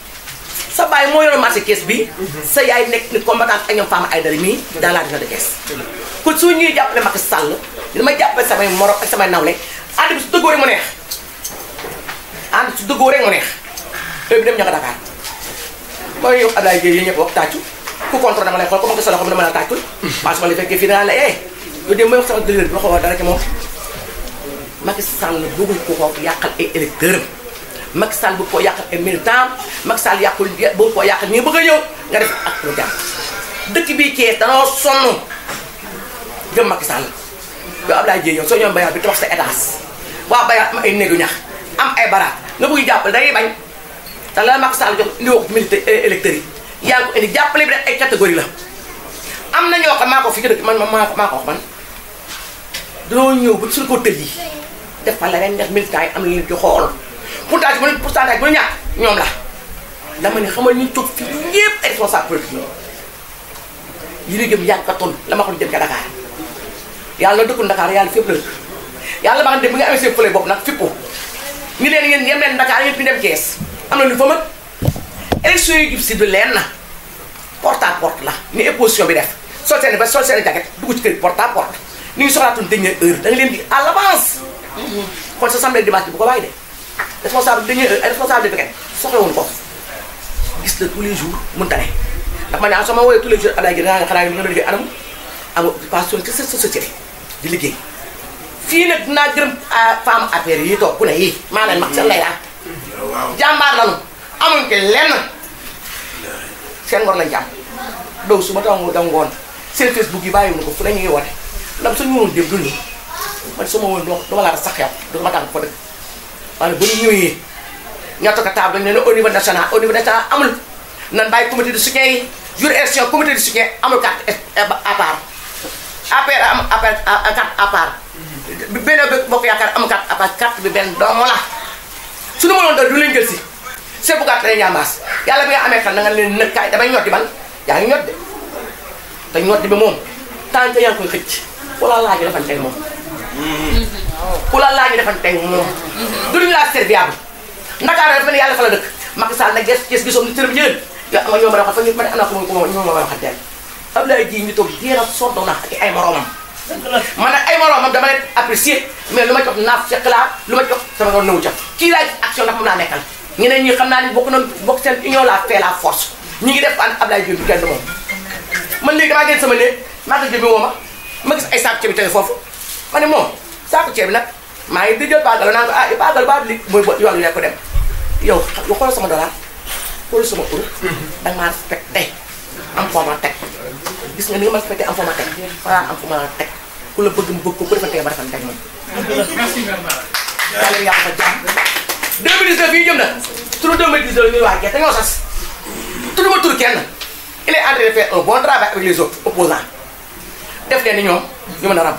sa bay mo yoro marché caisse bi sa yay nek ni combattant ak ñoom Fama Aïdara mii dans la région de Thiès kon su ñuy jàppale Macky Sall dina may jàppale samay morop ak samay nawle and su dëggoo rek mu neex and su dëggoo rek mu neex heure bi dem ña Dakar moy yow Abdoulaye Gueye yi ñëpp wax tàccu ku contre dama lay xol ko comme ko solo ko dama la taccu parce que li la final fii danaa la eh yow de mooy wax sama dëgër waxo dara ci moom Macky Sall bëggul ko ko yakal ay électeur mak sal bu ko yak ay militant mak sal yakul bu ko yak ni bëgg a ñëw nga def ak projet dëkk bii Thiès danoo sonn gëm Macky Sall yow Abdoulaye Dièye yow soo ñëwoon bayal bi tax sa étage wa bayal am ay néegu ñax am ay baraat nga bu jappal day bañ te la mak sal jox ndiw woo ko militaire électeurs ko indi jàppale bi rek ay catégorie la am na ñoo xam maa fi dëkk man mako mako wax man do ñëw bu ci ko tëj def fa la ren neex militant am na leen ci xol pourcentage bu ne pourcentage bu ne ñàkk ñoom la dama ne xamal ñu toog fii ñëpp ay responsable politique yi li jëm yàgg ka ton la ma xam jëm ca Dakar yàlla dëkkul Dakar yàlla fépp la yàlla ma xam ne bi nga amee seen fële bopp nag fippu ñu leen yéen yem leen Dakar ñu dem Thiès am na lu fa mën élection yi jub si du leen na porte à porte la ni opposition bi def sol ba sol seen jacket ci porte à porte ni ngi soxlaatuñ heure da nga leen di à l'avance kon sa samedi dimanche bu ko bàyyi responsable dañuy responsable de Pikine soxlawuñu ne ndax man ne ah soo ma woowee tous les jours ah, yi toog laa jàmbaar lañu amuñ doo ma taw dangoon seen Facebook yi bàyyiwuñu ko fu ne ñu ngi woote ndax suñu mënoon dem duñu man dëkk wala bu ñu ñëwee ñaata ka table ne au niveau national au niveau national amul nan bay comité de soutien yi juridiction comité de soutien amul carte eh, à eh, part eh, appel am appel à carte à part benn bokk yaakaar am carte à part carte bi do mo la suñu mënoon doon du leen gël ci c'est bu carte lay ñaamaas yàlla bi nga amé xel da nga leen nekkay da bay ñotti ban yaa ngi ñotti te ñotti bi mom tant que yaa ngi koy xëcc wala laaj la fan tay mom kula laa ñu defante ak moom duñu laa serviable Ndakaar dafa ne yalla fa la dekk Macky sa na gess gess gisom ni tërëm yéen ya ma ñoom ra xafa ñu ma ne am ko moom ñoo ma waxal teel ablay Dieye ñu tok déera sodo na ak ay moromam man ay moromam dama lay apprécier mais luma jox naaf ca clair luma jox sama yoon nawu ca kii laaj action ndax moom laa nekkal ñeneen ñi xam naa ni bokku na bok sen union la fait la force ñi ngi def an ablay Dieye kenn moom man li dama gën sama néeg ma ngi jëmee woma ma gis ay saako ci bi tay fofu mané mom saako ceeb nak maa di jot baagal naan ko ah baagal ba li muy bo yoon wi dem yow yow xoolal sama dollar xoolal sama ur da ma respecté am foo ma teg gis nga ni ma respecté am foo ma teg waaw am foo ma tek ku la bëgg mu bëgg ko defante ba terus ak moom yàlla yàlla fa jàmm sas terus ma tur kenn il est en train de faire un bon travail avec les autres opposants def leen ni ñu mën a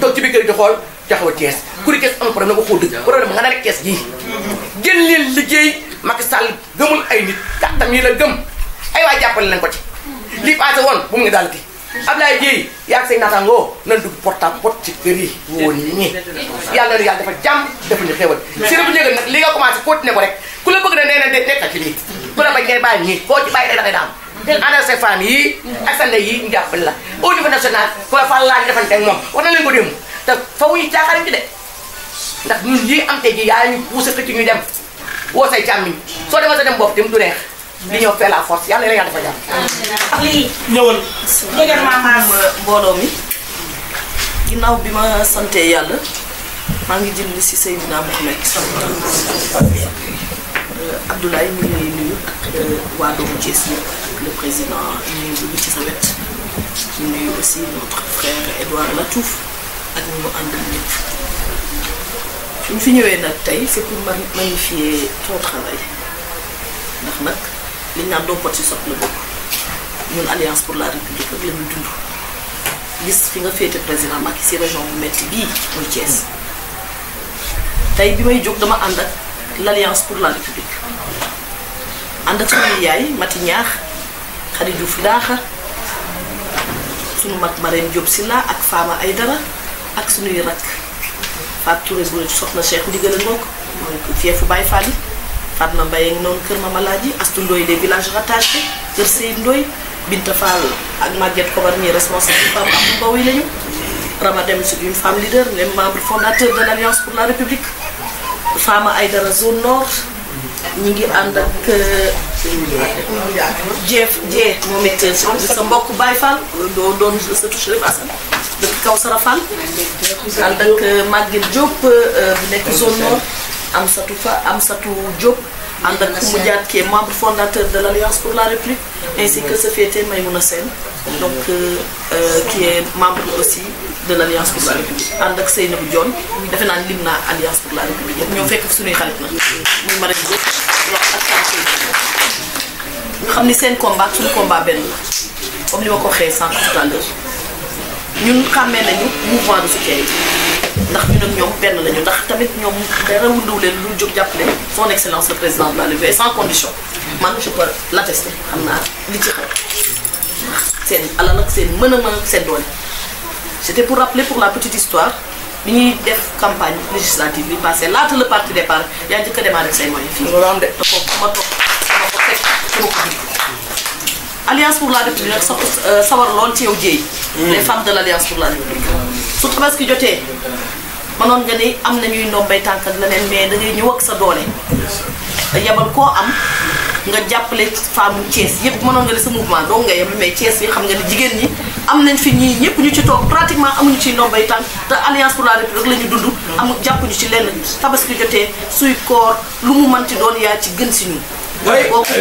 toog ci biir kër di xool jaxaw a kees ku di kees am problème nga xool dëgg problème nga ne kees gii gën leen liggéey Macky Sall gëmul ay nit kàttam yi la gëm ay waay jàppale leen ko ci lii passé woon bu mu ngi daal di Ablaye Dieye yaag say naataangoo nan dugg portable pot ci kër yi woon yi ñi yàlla na yàlla dafa jàmm dafa ñu xéewal si rebu léegi nag li nga commencé continué ko rek ku la bëgg na nee na nekkal ci lii ku la bañ ngay bàyyi ci bàyyi day da daam ana sa femme yi ak sande yi ndiap la au niveau national ko fa ni defante ak moom wax na ko dem te fa wuy caaxaan ci de ndax ñun yi am te ji yaay ñu poussé ci ñu dem wo say càmmiñ so dem sa dem bopp dem du neex li ñëw fait la force yàlla yàlla dafa jàmm lii ñëwal jógeen ma maa mbolo mi ginaaw bima sante yalla ma maa ngi jënd ci sayyidina muhammad Abdoulaye ñu ngi waa doomu Thiès le président ñu euh, ngi qui sa aussi notre frère Édouard Latouf à ñu mu àndal ñëpp suñ fi c'est pour magnifier ton travail ndax nag liñ naan doo pot si sot une alliance pour la république le la ñu dund gis fi nga féete président Macky si région bu metti bii muy Thiès mm. tey bi may jóg dama l'alliance pour la république ànd ak suñuy yaay mati ñaax xarit ju filaaxa suñu mag Marème Diop Silla ak Fama Aydara ak suñuy rakk Fatou Touré bu soxna Cheikh Ndigal Ngok mooy fiefu Baye Fall yi Fatma Mbaye ngi noonu kër Mama Laaji Astou Ndoye les villages rattachés kër Seydi Ndoye Binta Fall ak Maguette Kobar ñi responsable femme Abdou Mbow yi lañu Rama Dem c'est une de l'Alliance pour ñi ngi ànd ak euh, jeef jee moom it euh, sa mbokk Baye Fall doo doon sa touche Chérif Assane dëkk kaw Sara Fall ànd ak euh, Maguette Diop bu nekk zone nord am satu fa am satu Diop ànd ak qui est membre fondateur de l'Alliance pour la République ainsi que Sofiété Maïmouna Sène donc euh, euh, qui est membre aussi de l'Alliance pour la République Andak Seyne Seynabou qui est membre de l'Alliance Alliance pour la République Nous avons fait suñuy xarit na muy Marème Diop wax ak nous ñu xam ni seen combat est combat benn comme li ma ko tout à l'heure nañu mouvement de ndax ñun ak ñoom benn lañu ndax tamit ñoom dara wunduw leen lu jóg jàppale son excellence le président de la République sans condition. man je peux l'attester xam naa li ci xew seen alal ak seen mën a mën seen doole. c'était pour rappeler pour la petite histoire bi ñuy def campagne législative bi passé laata le parti départ yaa njëkk a démarrer say moyens fii. loolu am de ma toog ma ko fekk ma ko alliance pour la république nag euh, sawar lool ci yow jéey. Mm. les femmes de l'alliance pour la république. parce que jotee. manoon nga ni am nañuy ndombay tànk ak leneen mais dangay ñëw sa doole. yabal koo am nga jàppale femme Thiès yëpp mënoon nga ne sa mouvement doo nga yabal mais yi xam nga ni jigéen ñi am nañ fi ñii ñëpp ñu ci toog pratiquement amuñu ci ndombay tànk te alliance pour la république la ñu dund. am jàppuñu ci lenn tabaski jotee suy koor lu mu mën ci doon yaa ci gën si ñun. oui kooku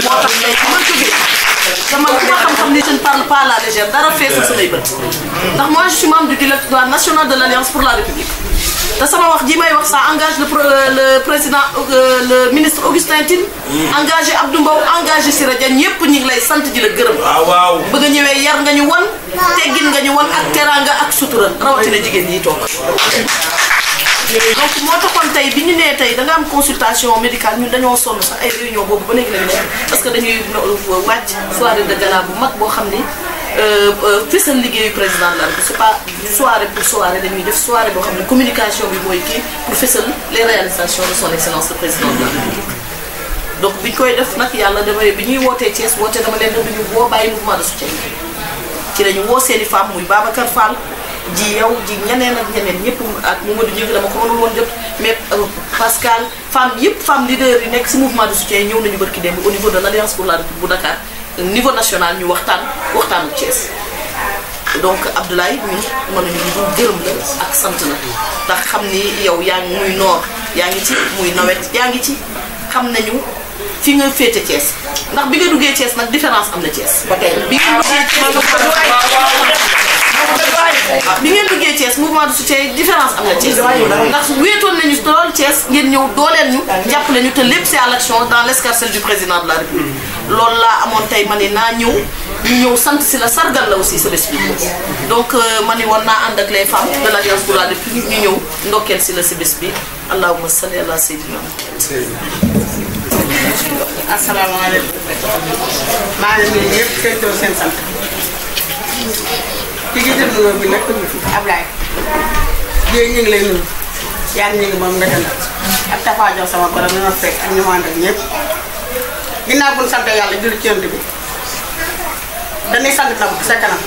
moo xam-xam ni je ne parle à la légère dara feesul samay bët. ndax moi je du directoire national de l' pour la république. te sama wax ji may wax ça engage le le président euh, le ministre Augustin Tine. Hmm. engagé Abdou Mbow engagé Sira Dia ñëpp ñu ngi lay sant di la gërëm. waaw waaw ba nga yar nga ñu won téggin nga ñu won ak téranga ak sutura rawatina jigéen ñi toog. donc moo taxoon tey bi ñu nee tey da nga am consultation médicale ñu dañoo son sax ay réunion bobu ba léegi lañu nekk parce que dañuy euh, wàcc soirée de gala bu mag bo xam Euh, euh, fësal liggéeyu président de la République c'est pas soirée pour soirée dañuy def soirée boo xam ne communication bi mooy kii pour fësal les réalisations de son excellence le président de la République donc bi ñu koy def nag yàlla damay bi ñuy wootee Thiès woote dama leen def ñu woo bàyyi mouvement de soutien ci la ñu woo seeni femmes muy Babacar Fall ji yow ji ñeneen ak ñeneen ñëpp ak Mamadou Dieng dama ko mënul woon jot mais euh, Pascal femme yëpp femme leader yi nekk si mouvement de soutien ñëw nañu niveau national ñu waxtaan waxtaanu Thiès donc Abdoulaye ñun mënuñu ñu gërëm la ak sant la ndax xam ni yow yaa ngi muy noor yaa ngi ci muy nawet yaa ngi ci xam nañu fi nga féete Thiès ndax bi nga duggee cees nag différence am na Thiès. ba tey bi nga bi ngeen duggee Thiès mouvement de soutien différence am na Thiès ndax wéetoon nañu lool Thiès ngeen ñëw dooleel ñu jàppale ñu te lépp c'est à l'action dans l'escarcelle du président de la lool loolu laa amoon tey ma ne naa ñëw ñu ñëw sant si la sargal la aussi sa bés bi donc euh, ma ne woon naa ànd ak les femmes de l'alliance pour la République ñu ñëw ndokkeel si la sa bés bi allahumma salli ala sayyidina asalaamaaleykum maa ngi leen ñëpp fekkoo ci gisal bi nag tamit Ablaye yooyu ngi ngi moom mbéte na ak Tafa jox sama borom ñu ma fekk ak ñu ma ànd ak ñëpp ginnaaw bu ñu sant yàlla julli ci yonent bi dañuy sant nag sa kanam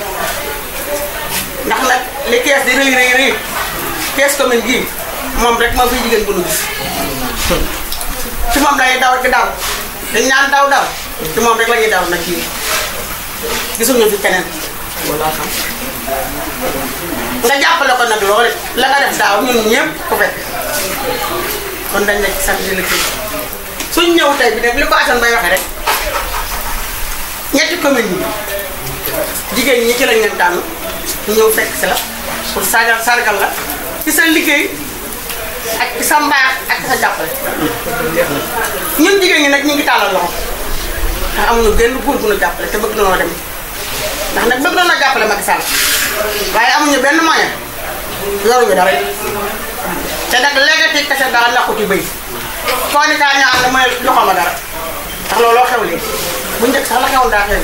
ndax li kees di rëy rëy rëy kees commune bii moom rek moo fiy jigéen bu nu gis ci moom la ñuy daw di daw dañ naan daw daw ci moom rek la daw nag kii gisuñu fi keneen wala xam nga jàppale ko nag loole la nga def daaw ñun ñëpp ku fekk kon dañ la ci sant di la suñ ñëw tey bi nag li ko Assane bay waxee yi jigéen ñi ci lañ leen tànn la pour sargal sargal la ci sa liggéey ak ci ak ci sa jàppale ñi nag ñu ngi tàllal loxo ndax amuñu benn góor bu ñu jàppale te bëgg nañoo dem ndax nag bëgg na la jàppale Macky Sall waaye amuñu benn moyen yoruñu dara te nag léegi kese dara laqut yu bëy foo ni kaa ñaan la mu ne joxoon ma dara ndax looloo xew léegi bu njëkk sax la xewoon daa xew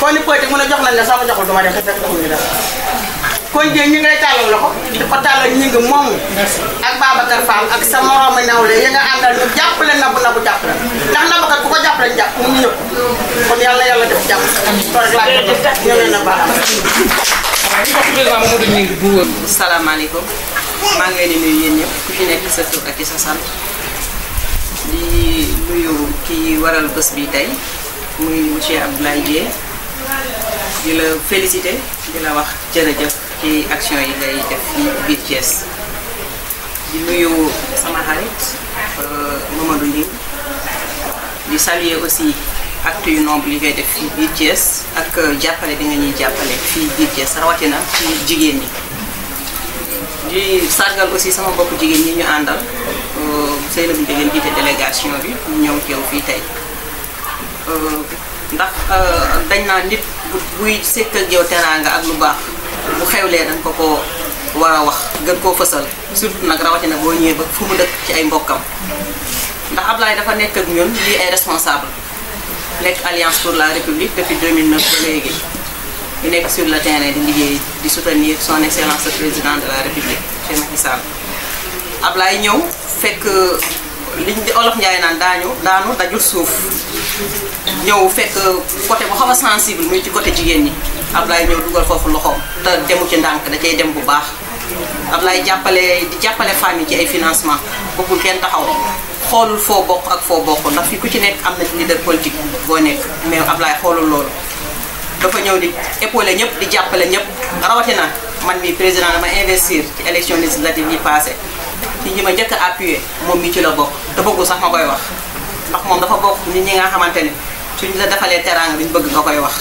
foo ni politique mu ne jox nañ la sama joxul duma dem te fekk joxuñu dara kon je ñi ngay talal loxo di ko talal ñi nga mom ak babacar fall ak sa morom nawle ya nga andal ñu jappale na nabu na bu jappale ndax na bakat ku ko jappale japp mu ñu ñëpp kon yalla yalla def japp ko rek la ñëw na ba salaamaaleykum maa di nuyu yéen ñëpp ku ci nekk sa tur ak sa sant di nuyu ki waral bés bi tey muy monsieur Abdoulaye Dieng di la féliciter di la wax jërëjëf ci action yi ngay def fii biir Thiès di nuyu sama xarit Mamadou Ndim di saluer aussi acte yu nombre yi ngay def fii biir Thiès ak jàppale bi nga ñuy jàppale fii biir Thiès rawatina ci jigéen ñi di sargal aussi sama mbokk jigéen ñi ñu àndal sëy bu jigéen jiite délégation bi ñëw teew fii tey ndax dañ naa nit buy sekk yow teraanga ak lu baax bu xewlee dañ ko ko war a wax gën koo fësal surtout nag rawatina boo ñëwee ba fu mu dëkk ci ay mbokkam ndax Ablaye dafa nekk ñun lii ay responsable nekk alliance pour la république depuis 2009 ba léegi ñu nekk sur le terrain di liggéey di soutenir son excellence le président de la république Macky Sall Ablaye ñëw fekk. liñ olof Njaay naan daañu daanu dajul suuf ñëw fekk côté bu xaw a sensible muy ci côté jigéen ñi Ablaye ñëw dugal foofu loxoom te demu ci ndànk da cay dem bu baax Ablaye jàppale di jàppale femmes yi ci ay financement bëggul kenn taxaw xoolul foo bokk ak foo bokk ndax fi ku ci nekk am na leader politique boo nekk mais Ablaye xoolul loolu dafa ñëw di épaulé ñëpp di jàppale ñëpp rawatina man mi président dama investir ci élection législative yi passé ci ñi ma njëkk a moom mi ci la bokk te bëggul sax ma koy wax ndax moom dafa bokk nit ñi nga xamante ni suñ la defalee teraanga duñ bëgg nga koy wax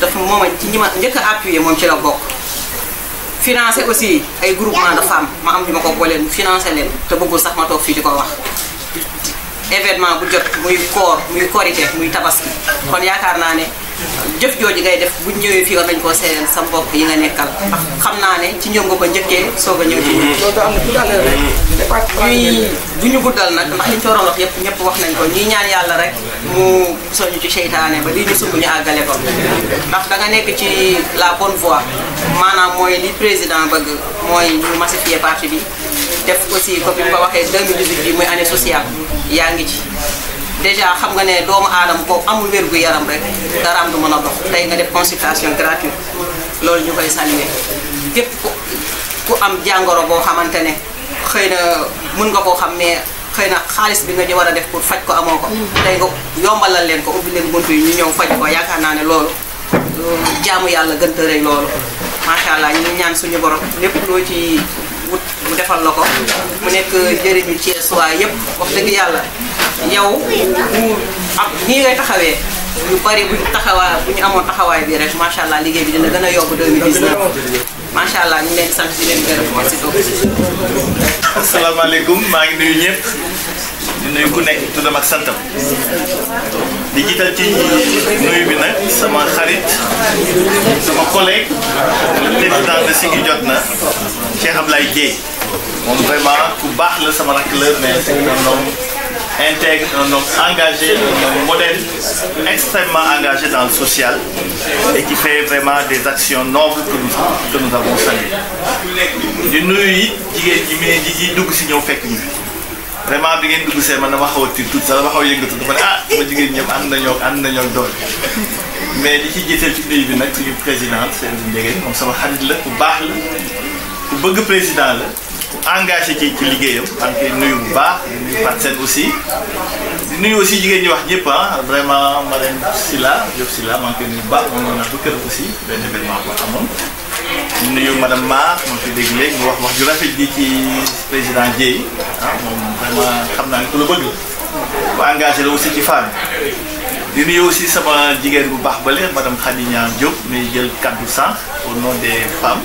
dafa moom ci ñi ma njëkk a moom ci la bokk financé aussi ay groupement de femmes ma am ñu ma ko booleen financé leen te bëggul sax ma toog fii di koy wax événement bu jot muy koor muy korité muy tabaski kon yaakaar naa ne jëf jooju ngay def buñ ñëwee fii war nañ koo seedeel sa mbokk yi nga nekkal xam naa ne ci ñoom nga ko njëkkee soog a ñëw ci ñuy du ñu guddal nag ndax liñ ci waroon yëpp ñëpp wax nañ ko ñuy ñaan yàlla rek mu soñu ci seytaane ba li ñu sumb ñu àggale ko ndax da nga nekk ci la bonne voie maanaam mooy li président bëgg mooy ñu massifier parti bi def aussi comme ni ma waxee 2018 bi muy année sociale yaa ngi ci déjà xam nga ne doomu aadama boobu amul wér gu yaram rek daraam du mën a dox tey nga def consultation gratuite loolu ñu koy saluer képp ku ku am jàngoro boo xamante ne xëy na mun nga koo xam ne xëy na xaalis bi nga ñu war a def pour faj ko amoo ko tey nga yombalal leen ko ubbi leen bunt yi ñu ñëw faj ko yaakaar naa ne loolu jaamu yàlla gën a loolu macha allah ñu ñaan suñu borom lépp loo ci wut mu defal la ko mu nekk jëriñu Cees waa yëpp wax yàlla yow iya, ak ni ngay taxawé ñu bari bu taxawa bu ñu amoon taxaway ya, bi rek macha allah liggéey bi ya, dina gëna yobbu 2019 macha allah ñu leen sant di leen gërëm ci merci assalamu alaykum ma ngi nuyu ñepp di nuyu ku nekk tudam ak santam di jital ci nuyu bi nak sama xarit sama collègue président de Siggi jot na Cheikh Ablaye Dieye moom vraiment ku bax la sama rakk la mais c'est un homme intègre, donc engagé, un modèle extrêmement engagé dans le social et qui fait vraiment des actions nobles que nous, que nous avons saluées. vraiment bi ngeen dugg see man dama xaw a tiit tuuti sax dama xaw a yëngatu dama ne ah dama jigéen ñëpp ànd nañoo ànd nañoo doole mais li ci jiital ci nuyu bi nag suñu président seen Ndege moom sama xarit la ku baax la ku bëgg président la. engagé ci ci liggéeyam am ci nuyu bu baax di nuyu Pat aussi nuyu aussi jigéen ñi wax ñëpp ah vraiment Marème sila Diop sila maa ngi koy nuyu bu baax moom la naan kër aussi benn événement bu amoon. nuyu madame Mar maa ngi koy dégg léegi mu wax wax ju rafet gi ci président Dieye ah moom vraiment xam naa ne ku la bëgg ku engagé la aussi ci femme di nuyu aussi sama jigéen bu baax bële madame Khadija Diop mi jël kaddu sànq au nom des femmes.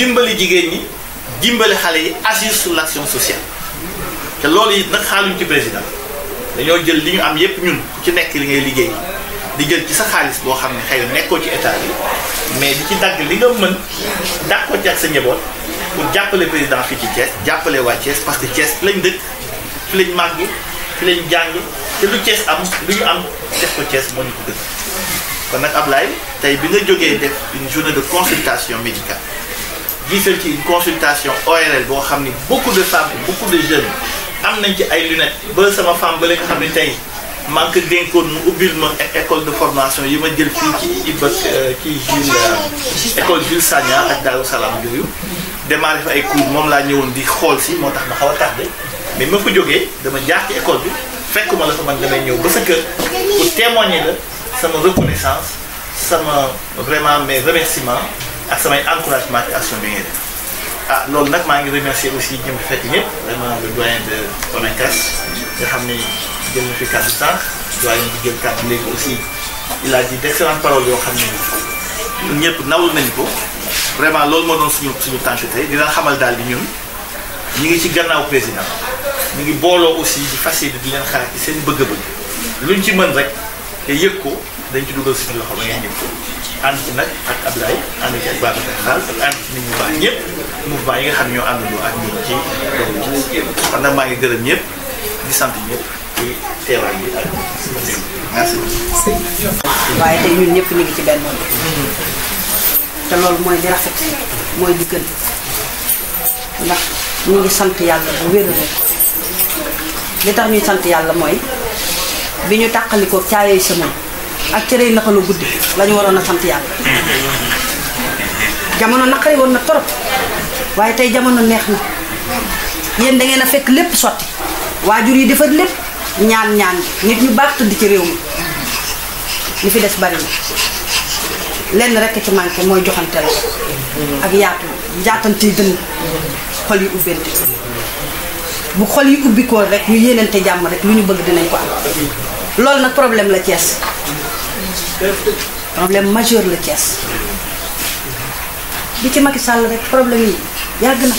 dimbali jigéen ñi dimbali xale yi agir sur l'action sociale te loolu it nag xaaluñ ci président dañoo jël li ñu am yépp ñun ci nekk li ngay liggéey di jël ci sa xaalis boo xam ne xëy nekkoo ci état bi mais di ci dagg li nga mën dàqoo ci ak sa njaboot pour jàppale président fii ci Thiès jàppale waa Thiès parce que Thiès fi lañ dëkk fi lañ màgg fi lañ jàng te lu Thiès am lu ñu am def ko Thiès moo ñu ko gën kon nag Ablaye tey bi nga jógee def une journée de consultation médicale une consultation ORL pour ramener beaucoup de femmes beaucoup de jeunes amener ci lunettes ba sama femme ba e-, école de formation yima jël ci euh, euh, école du cours l'a di si mais ma fa dama jaar ci école bi fekkuma la fa man damay ba sa pour témoigner reconnaissance sama vraiment mes remerciements ak samay encouragement ci action bi ngeen def ah loolu nag maa ngi remercier aussi jëm fekk ñëpp vraiment doyen de Pamecas nga xam ne jël na fi kàddu sànq doyen bi jël kàddu léegi aussi il a dit d'excellentes paroles yoo xam ne ñëpp nawul nañ ko vraiment loolu moo doon suñu suñu tànk tey dina xamal daal di ñun ñu ngi ci gannaaw président ñu ngi booloo aussi di fas yéene di leen xaar ci seen bëgg-bëgg ñu ci mën rek te yëg ko dañ ci dugal suñu loxo ba ngeen ñëpp ànd ci nag ak Ablaye ànd ci ak Babacar Fall ak ànd ci nit ñu baax ñëpp mouvement yi nga xam ñoo àndandoo ak ñun ci loolu kon nag maa ngi gërëm ñëpp di sant ñëpp ci teewaay bi ak merci waaye tey ñun ñëpp ñu ngi ci benn te loolu mooy di rafet mooy ak cere yi naka guddi lañu waroon a sant yàlla jamono naqari woon na torop waaye tey jamono neex na yéen da ngeen a fekk lépp sotti waajur yi defar lépp ñaan ñaan nit ñu baax tëdd ci réew mi li fi des bari na lenn rekk ci manqué mooy joxante la ak yaatu jaatante yi dënn xol yi ubbente bu xol yi ubbikoo rek ñu yéenante jàmm rek lu ñu bëgg dinañ ko am loolu nag problème la cees problème majeur la cees li ci Macky Sall rek problème yi yàgg na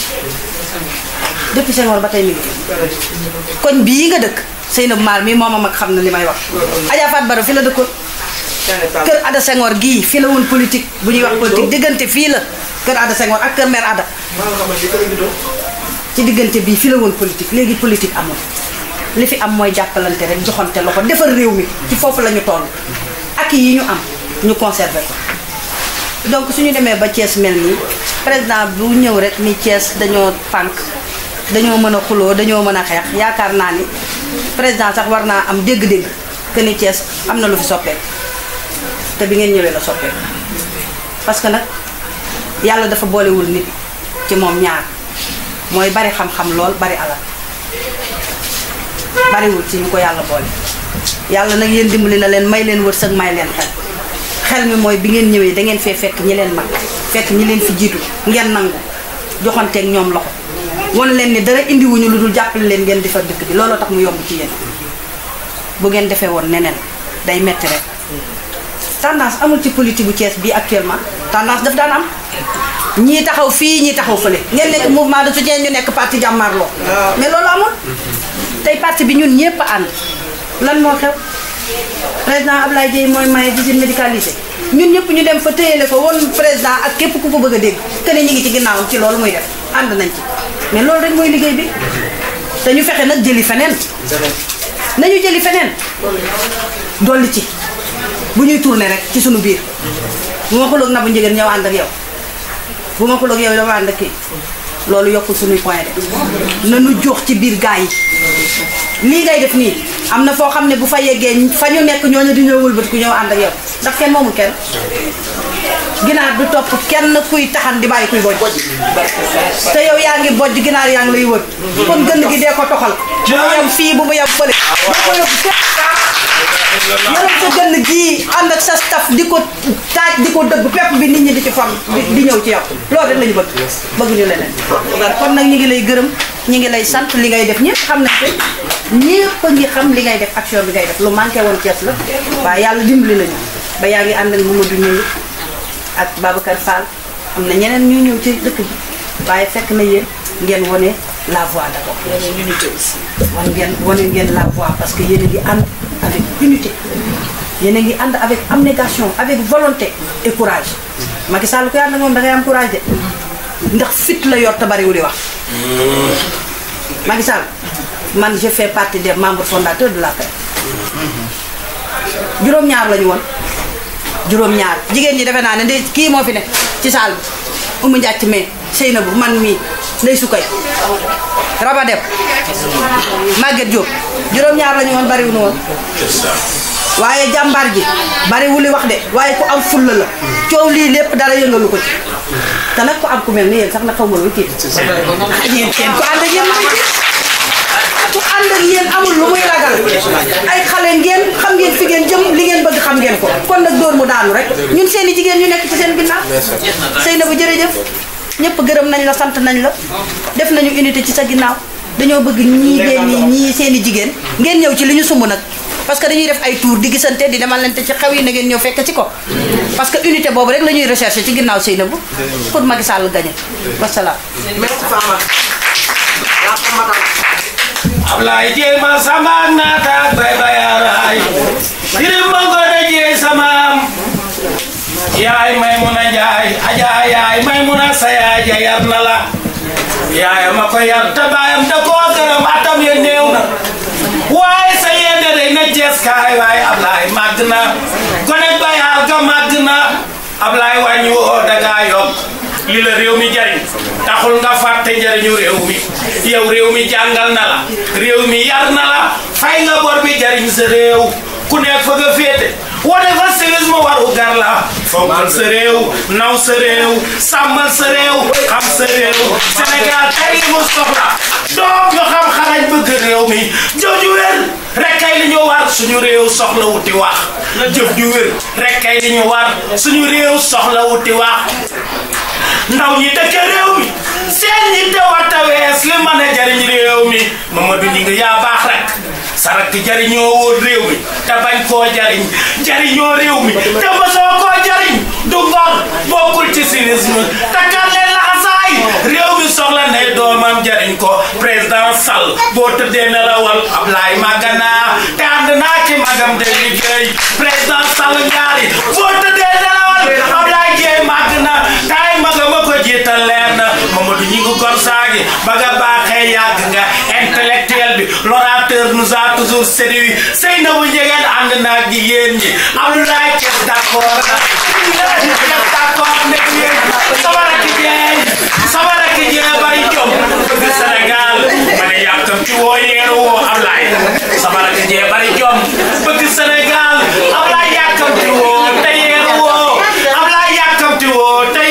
depuis seen ba tey mi ngi koñ bii nga dëkk Seynab Mar mii moom a mag xam na li may wax Adja Faat Baro fi la dëkkoon kër Ada Senghor gii fi la woon politique bu ñuy wax politique diggante fii la kër Ada Senghor ak kër mère Ada ci diggante bii fi la woon politique léegi politique amul li fi am mooy jàppalante rek joxante loxo defar réew mi ci foofu la ñu toll kii yi ñu am ñu conservé ko donc su ñu demee ba Thiès mel nii président bu ñëw rek ni Thiès dañoo pànk dañoo mën a xuloo dañoo mën a xeex yaakaar naa ni président sax war naa am dégg-dégg que ni am na lu fi soppeeku te bi ngeen ñëwee la soppeeku parce que nag yàlla dafa boolewul nit ci moom ñaar mooy bari xam-xam lool bari alal bariwul ci ñu ko yàlla boole yàlla nag yéen dimbali na leen may leen wërsëg may leen xel xel mi mooy bi ngeen ñëwee da ngeen fee fekk ñi leen mag fekk ñi leen fi jiitu ngeen nangu joxanteek ñoom loxo won leen ni dara indiwuñu lu dul jàppale leen ngeen defar dëkk bi looloo tax mu yomb ci yéen bu ngeen defee woon neneen day metti rek tendance amul ci politique bu Thiès bii actuellement tendance daf daan am ñii taxaw fii ñii taxaw fële ngeen nekk mouvement de soutien ñu nekk parti jàmmaarloo ah. mais tey parti bi ñun ñëpp ànd lan moo xew président Ablaye Dieye mooy maye visite médicalisée ñun ñëpp ñu dem fa téyele ko woon président ak képp ku ko bëgg a dégg te ne ñu ngi ci ginnaaw ci loolu muy def ànd nañ ci mais loolu rek mooy liggéey bi te ñu fexe nag jëli feneen nañu jëli feneen dolli ci bu ñuy tourné rek ci sunu biir bu ma xuloog na bu njëgéen ñëw ànd ak yow bu ma xuloog yow dama ànd ak kii loolu yokkul suñuy point de nanu jox ci biir gaa yi lii ngay def nii am na foo xam ne bu fa yeggee fa ñu nekk ñooñu di ñëwul bët ku ñëw ànd ak yow ndax kenn moomu kenn ginaar du topp kenn kuy taxan di bàyyi kuy bojj te yow yaa ngi bojj ginaar yaa ngi lay wër kon gën gi dee ko toxal maanaam fii bu ma yàgg fële dama yóbbu fépp yaram sa gën gi ànd ak sa staff di ko taaj di ko dëgg pepp bi nit ñi di ci fam di ñëw ci yow loolu rek lañu bëgg bëgguñu leneen kon nag ñu ngi lay gërëm ñu ngi lay sant li ngay def ñëpp xam nañ ko ñëpp a ngi xam li ngay def action bi ngay def lu manqué woon Thiès la waaye yàlla dimbali nañu ba yaa ngi ànd ak Mamadou Ndiaye ak Babacar Fall am ñeneen ñu ñëw ci dëkk bi waaye fekk na yéen ngeen wone la voix d'abord. yéen l'unité aussi. wan ngeen wane ngeen la voix parce que yéen a ngi ànd avec unité. yéen a ngi ànd avec abnégation avec volonté et courage. Macky Sall ku na moom da ngay am courage de. ndax fit la yor te bariwul di wax. Macky Sall man je fais partie des membres fondateurs de l'APR. juróom-ñaar la woon juróom-ñaar jigéen ñi defe naa ne de kii moo fi ne ci saal bi umu njàcc mais. Seynabou man mii Ndeye Soukay Raba Deb màgget Diop juróom-ñaar la ñu woon bariwul woon waaye jàmbaar ji bariwul li wax de waaye ku am fulla la coow lii lépp dara yëngalu ko ci te nag ku am ku mel ni yéen sax na xaw ma lu kii yéen kenn ku ànd ak yéen ku amul lu muy ragal ay xale ngeen xam ngeen fi ngeen jëm li ngeen bëgg xam ngeen ko kon nag dóor mu daanu rek ñun seen i jigéen ñu nekk ci seen ginnaaw Seynabou jërëjëf ñepp gërëm nañ la sant nañ la def nañu unité ci sa ginaaw dañoo bëgg ñi gën yi ñi seeni jigen ngeen ñew ci liñu sumu nak parce que dañuy def ay tour di gisante di demalante ci xawi na ngeen ñew fekk ci ko parce que unité bobu rek la rechercher ci ginnaaw sëy pour Macky Sall gagné salaam merci Fama Ablaye ma sama nata bay bayaaraay dirim ma ngor a yaay Maymuna Njaay aja yaay Maymuna sa yaay ja yar na la yaayam a ko yar te baayam da koo gërëm atam ya néew na waaye sa yéene day na jees kaay waaye Ablaay màgg na gone bay xaal ga màgg na Ablaay wàññi woo dangaa yokk li la réew mi jariñ taxul nga fàtte njariñu réew mi yow réew mi jàngal na la réew mi yar na la fay nga bor bi jariñ sa réew ku nekk fa nga whatever sérieusement waru gar la fongal sa réew naw sa réew sàmmal sa réew xam sa réew Sénégal ay li mu soxla doom ñu xam xarañ bëgg réew mi jëf ju wér rek kay li ñu war suñu réew soxla wuti wax jëf ju wér rek kay li ñu war suñu réew soxla wuti wax ndaw ñi dëkk réew mi ñi te war a wees li mën a jariñ réew mi Mamadou Gningue yaa baax rek sa rakk jariñoo woon réew mi te bañ koo jariñ jariñoo réew mi te mosoo koo jariñ du ngor bokkul ci cynisme takkal leen laxas mooy réew mi soxla ne doomam jariñ ko président Sall boo tëddee ne la wal Ablaye Magana te ànd naa magam de liggéey président Sall ñaari boo tëddee la wal Ablaye Dieng Magana taay magama ko jiital leer na ma ñi ngi kon saagi ba nga baaxee yàgg nga intellectuel bi l'orateur nous a toujours séduit sëy na bu njegeen ànd naa ak yéen ñi Abdoulaye Thiès d'accord na Ablaye yàkkamti woo te yeeru woo Ablaye yàkkamti woo te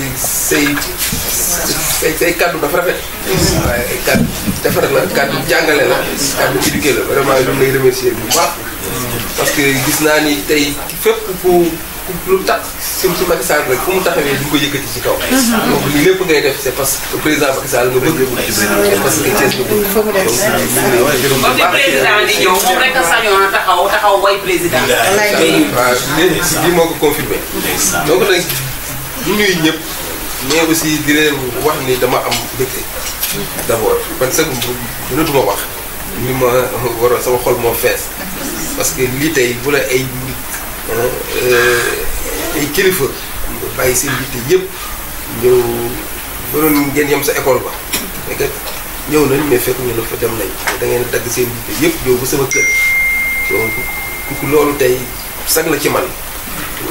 sëyit tey kaddu dafa rafet waaye kaddu defar na kaddu jàngale na kaddu éduqué la vraiment lu lay remercier bu baax parce que gis naa ni tey fépp ku lu tax suñ si Macky Sall rek fu mu taxawee du ko yëkkati ci kaw donc lii lépp ngay def c'est parce que président Macky Sall nga bëgg parce que Thiès nga bëgg donc di président di ñëw moom rek a sañoon é taxaw taxaw way président waaw ah, léegi moo ko confirmé donc nag ñu nuyu ñëpp mais aussi di leen wax ni dama am mbégte d' abord man sax mënatuma wax li ma waroon sama xol moo fees parce que lii tey bu la ay nit euh, ay kilifa bàyyi seen yitte yëpp ñëw mënoon ngeen yem sa école ba mais kat ñëw nañ mais fekk ñu ne fa dem nañ dangeen ngeen dagg seen yitte yëpp ñëw ba sama kër loolu tey sag la ci man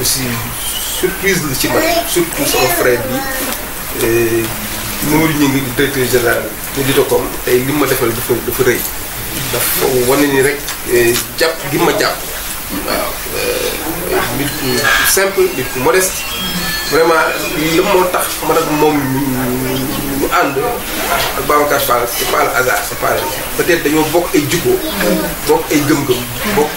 aussi surprise la ci man surtout sama frère bi Nourou ñu ngi directeur général Uditocom tey li ma defal dafa dafa rëy dafa wane ni rek e, jàpp gi ma jàpp waaw e, nit ku simple nit ku modeste vraiment li moo tax ma ak moom ñu ànd ak Babacar Fall c'est pas le hasard c'est pas peut dañoo bokk ay jikko bokk ay gëm-gëm bokk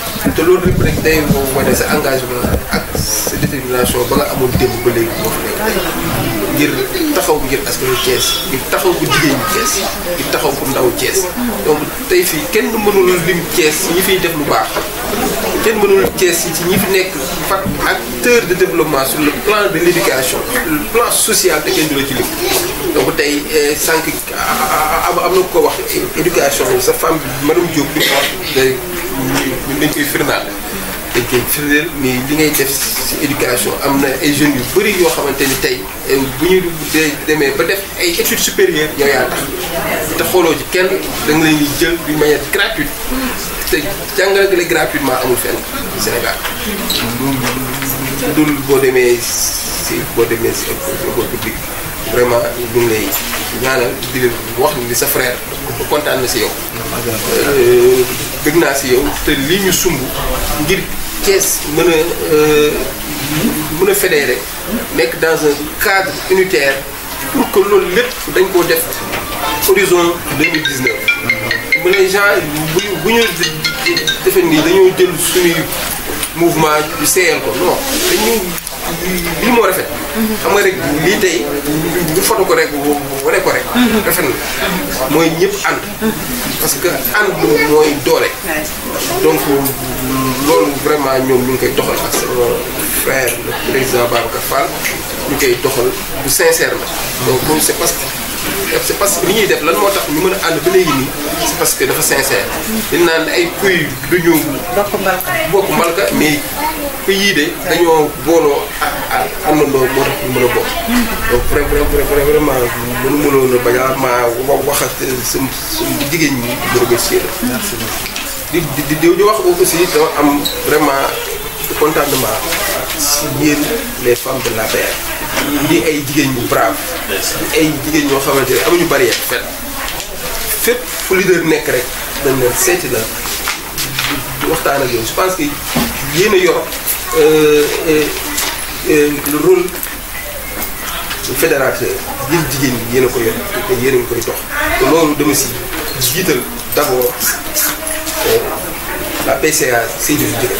te loolu lépp rek day wane sa engagement ak sa détermination ba nga amoon démb ba léegi moo fi nekk ngir taxaw ngir ngir taxaw ko jigéen ñi ngir taxaw ko ndaw Thiès donc tey fii kenn mënul lim Thiès ñi fiy def lu baax kenn mënul Thiès yi ci ñi fi nekk fat acteur de développement su le plan de l'éducation le plan social te kenn du la ci lim donc tey eh, sànq ah, ah, ah, am na ko wax eh, éducation sa femme madame Diop di ko wax ñun dañ koy firnaal dañ koy firndeel li ngay def si éducation am na ay jeunes yu bëri yoo xamante ni tey eh, bu ñu demee ba def ay études supérieures yow yaa tax te xooloo ci kenn da nga leen di jël d'une manière gratuite te jàngale gratuitement amul fenn Sénégal dul boo demee si boo demee si école publique vraiment ñu ngi lay ñaanal di wax ni sa frère kontaan na si yow euh, dëgg naa si yow te li ñu sumb ngir Thiès mën a euh, mën a fédéré nekk dans un cadre unitaire pour que loolu lépp dañ koo def horizon 2019 bu ne gens bu bu ñu defee nii dañoo jël suñuy mouvement ko non dañu lii moo rafet. xam nga rek lii tey ñu foto ko rek wane ko rek. rafet na mooy ñëpp ànd. parce que ànd mooy doole. donc loolu vraiment ñoom ñu ngi koy doxal ak sama frère le président Babacar Fall ñu koy doxal bu sincère la. moom c'est parce que. c'est parce que li ñuy def lan moo tax ñu mën a ànd ba léegi nii c'est parce que dafa sincère dañ naan ay kuy duñu bokk mbalka mais kuy yii de dañoo booloo ak àndandoo moo tax ñu mën a bokk donc vraiment jigéen ñi di remercier la di di di wax ko aussi dama am vraiment contentement si yéen les femmes de la paix ñu di ay jigéen ñu brave di ay jigéen ñoo xamante ne amuñu barrière fet fépp fu leader nekk rek dañ leen seeti la waxtaan ak yow que yéen a yor euh, euh, euh, le rôle a ko yor te yéen a ngi koy dox te loolu dama si jiital d' abord la PCA Sédhiou Jigéen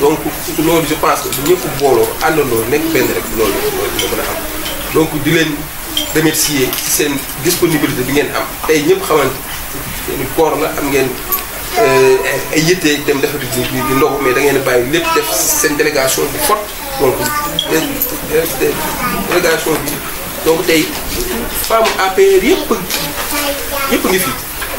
donc loolu je pense que bu ñëpp booloo àndandoo nekk benn rek loolu loolu mën a am donc di leen remercier ci seen disponibilité bi ngeen am tey ñëpp xamante ni koor la am ngeen euh, ay yitte dem defar di di ndox mais da ngeen bàyyi lépp def seen délégation bi fort donc délégation bi donc tey femme APR yëpp yëpp ngi fi.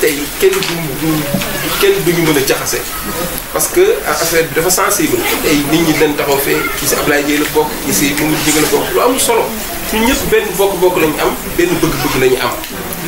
tey kenn du kenn duñu mën a jaxase parce que affaire bi dafa sensible tey nit ñi dañ taxaw fee kii si Ablaye Dieye la bokk kii si Mamadou Dieng la bokk lu am solo ñun ñëpp benn bokk-bokk lañu am benn bëgg-bëgg lañu am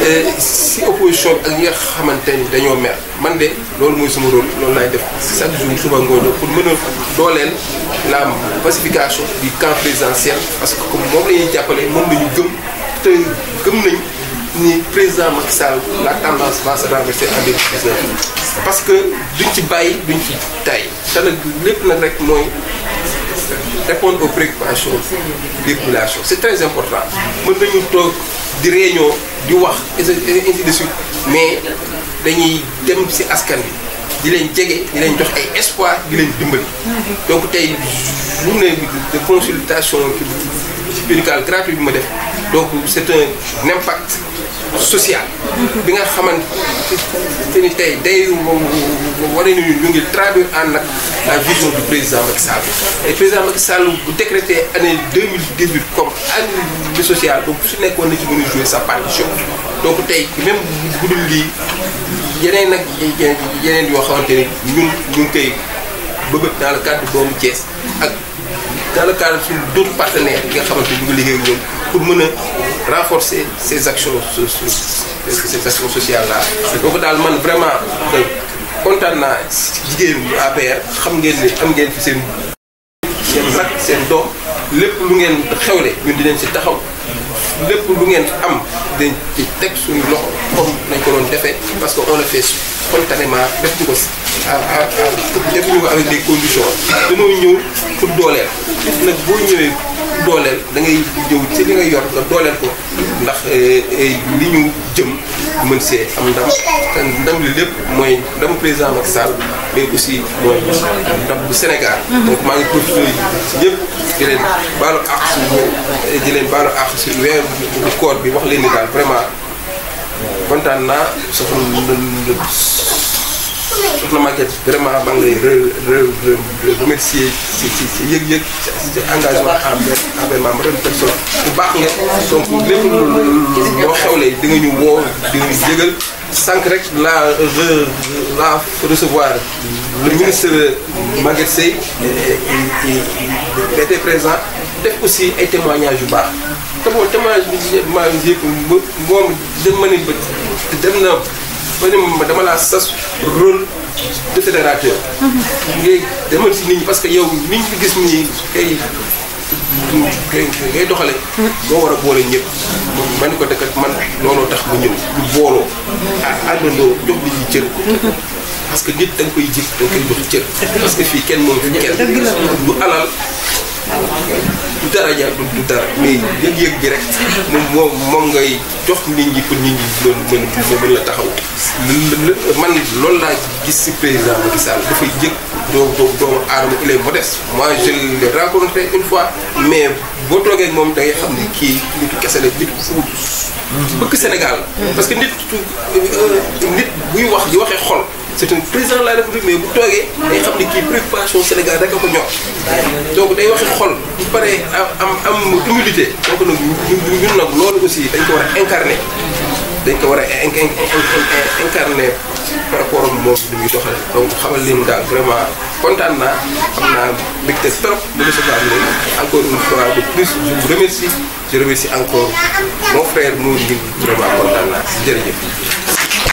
Euh, si opposition ak ñi nga xamanteni ni dañoo mer man de loolu mooy sama rôle loolu laay def chaque jour suba ngoon pour mën a dooleel la pacification du camp présidentiel parce que comme moom la ñuy jàppale moom la ñu gëm te gëm nañ ni président Macky Sall la tendance va se renverser en 2019 parce que duñ ci bàyyi duñ ci tay te nag lépp nag rek mooy répondre aux préoccupations des populations c'est très important mën nañu toog di réunion di wax ainsi de suite mais dañuy dem ci askan bi di leen jege di leen jox ay espoir di leen dimbali. donc tey journée bi de consultation médicale gratuite bi ma def. donc c'est un impact social bi nga xamante ni tay day wane ni ñu ngi traduire en nag la vision du président Macky Sall et président Macky Sall bu décrété année 2018 comme année sociale donc su nekkoon na ci mën jouer sa partition donc tay même bu dul lii yeneen nag yeneen yoo xamante ni ñun ñu ngi koy bëgg dans le cadre doomu Thiès ak dans le cadre suñu d'autres partenaires yi nga xamante ni ñu ngi liggéey ak ñoom pour mën a renforcer ces actions ces actions sociales là boobu daal man vraiment kontaan naa jigéen bu APR xam ngeen ne am ngeen ci seen seen seen doom lépp lu ngeen xewle di dinañ si taxaw lépp lu ngeen am dañ ci teg suñu loxo comme nañ ko doon defee parce que on le fait spontanément def ñu ko def ñu ko avec des conditions dañoo ñëw pour dooleel nag boo ñëwee dooleel dangay ngay jëw ci li nga yor nga dooleel ko ndax eh, eh, li ñu jëm mën see am ndam ndam li lépp mooy ndamu président Macky Sall mais aussi mooy ndam bu Sénégal. Mhm. donc maa ngi profité ci ñëpp di leen baalu àq suñu eh, di leen baalu àq suñu bi wax leen ni daal vraiment kontaan naa soxna soxna Maguette vraiment maa ngi lay remercier si si si yëg-yëg si engagement envers envers ma madame personne bu baax nga donc lépp loo xewlee di nga ñu wo di nga ñu jégal sànq rek la la recevoir le ministre Maguette Seye qui était présent def aussi ay témoignages yu baax te boo témoignage bi ma yëpp moom dem ma ni dem na ba ne ma dama laa sas rôle de fédérateur. ngay demal si nit ñi parce que yow niñ ko gis nii kay kay ngay doxale moo war a boole ñëpp. man ko dëkkat man looloo tax mu ñëw ñu booloo. ah àndandoo jox nit ñi cër. parce que nit da koy jik da jox cër. parce fii kenn moom fi kenn. du alal. du dara jar du dara mais yëg-yëg bi rek moom moom ngay jox nit ñi pour nit ñi doon mën a la taxaw. man loolu laa gis si président Macky Sall dafay yëg doo doo doomu aadama il est modeste. moi je l'ai une fois mais boo toogee moom da ngay xam ne kii nitu kese la nit ku mm-hmm. bëgg Sénégal. parce que nit euh, nit buy wax di waxee xol. c'est une prison de la république mais vous il y a des au Sénégal donc day waxi xol Il am humilité donc nous, aussi incarné par rapport au monde de donc vraiment content. de encore une fois je vous remercie je remercie encore mon frère nous vraiment content.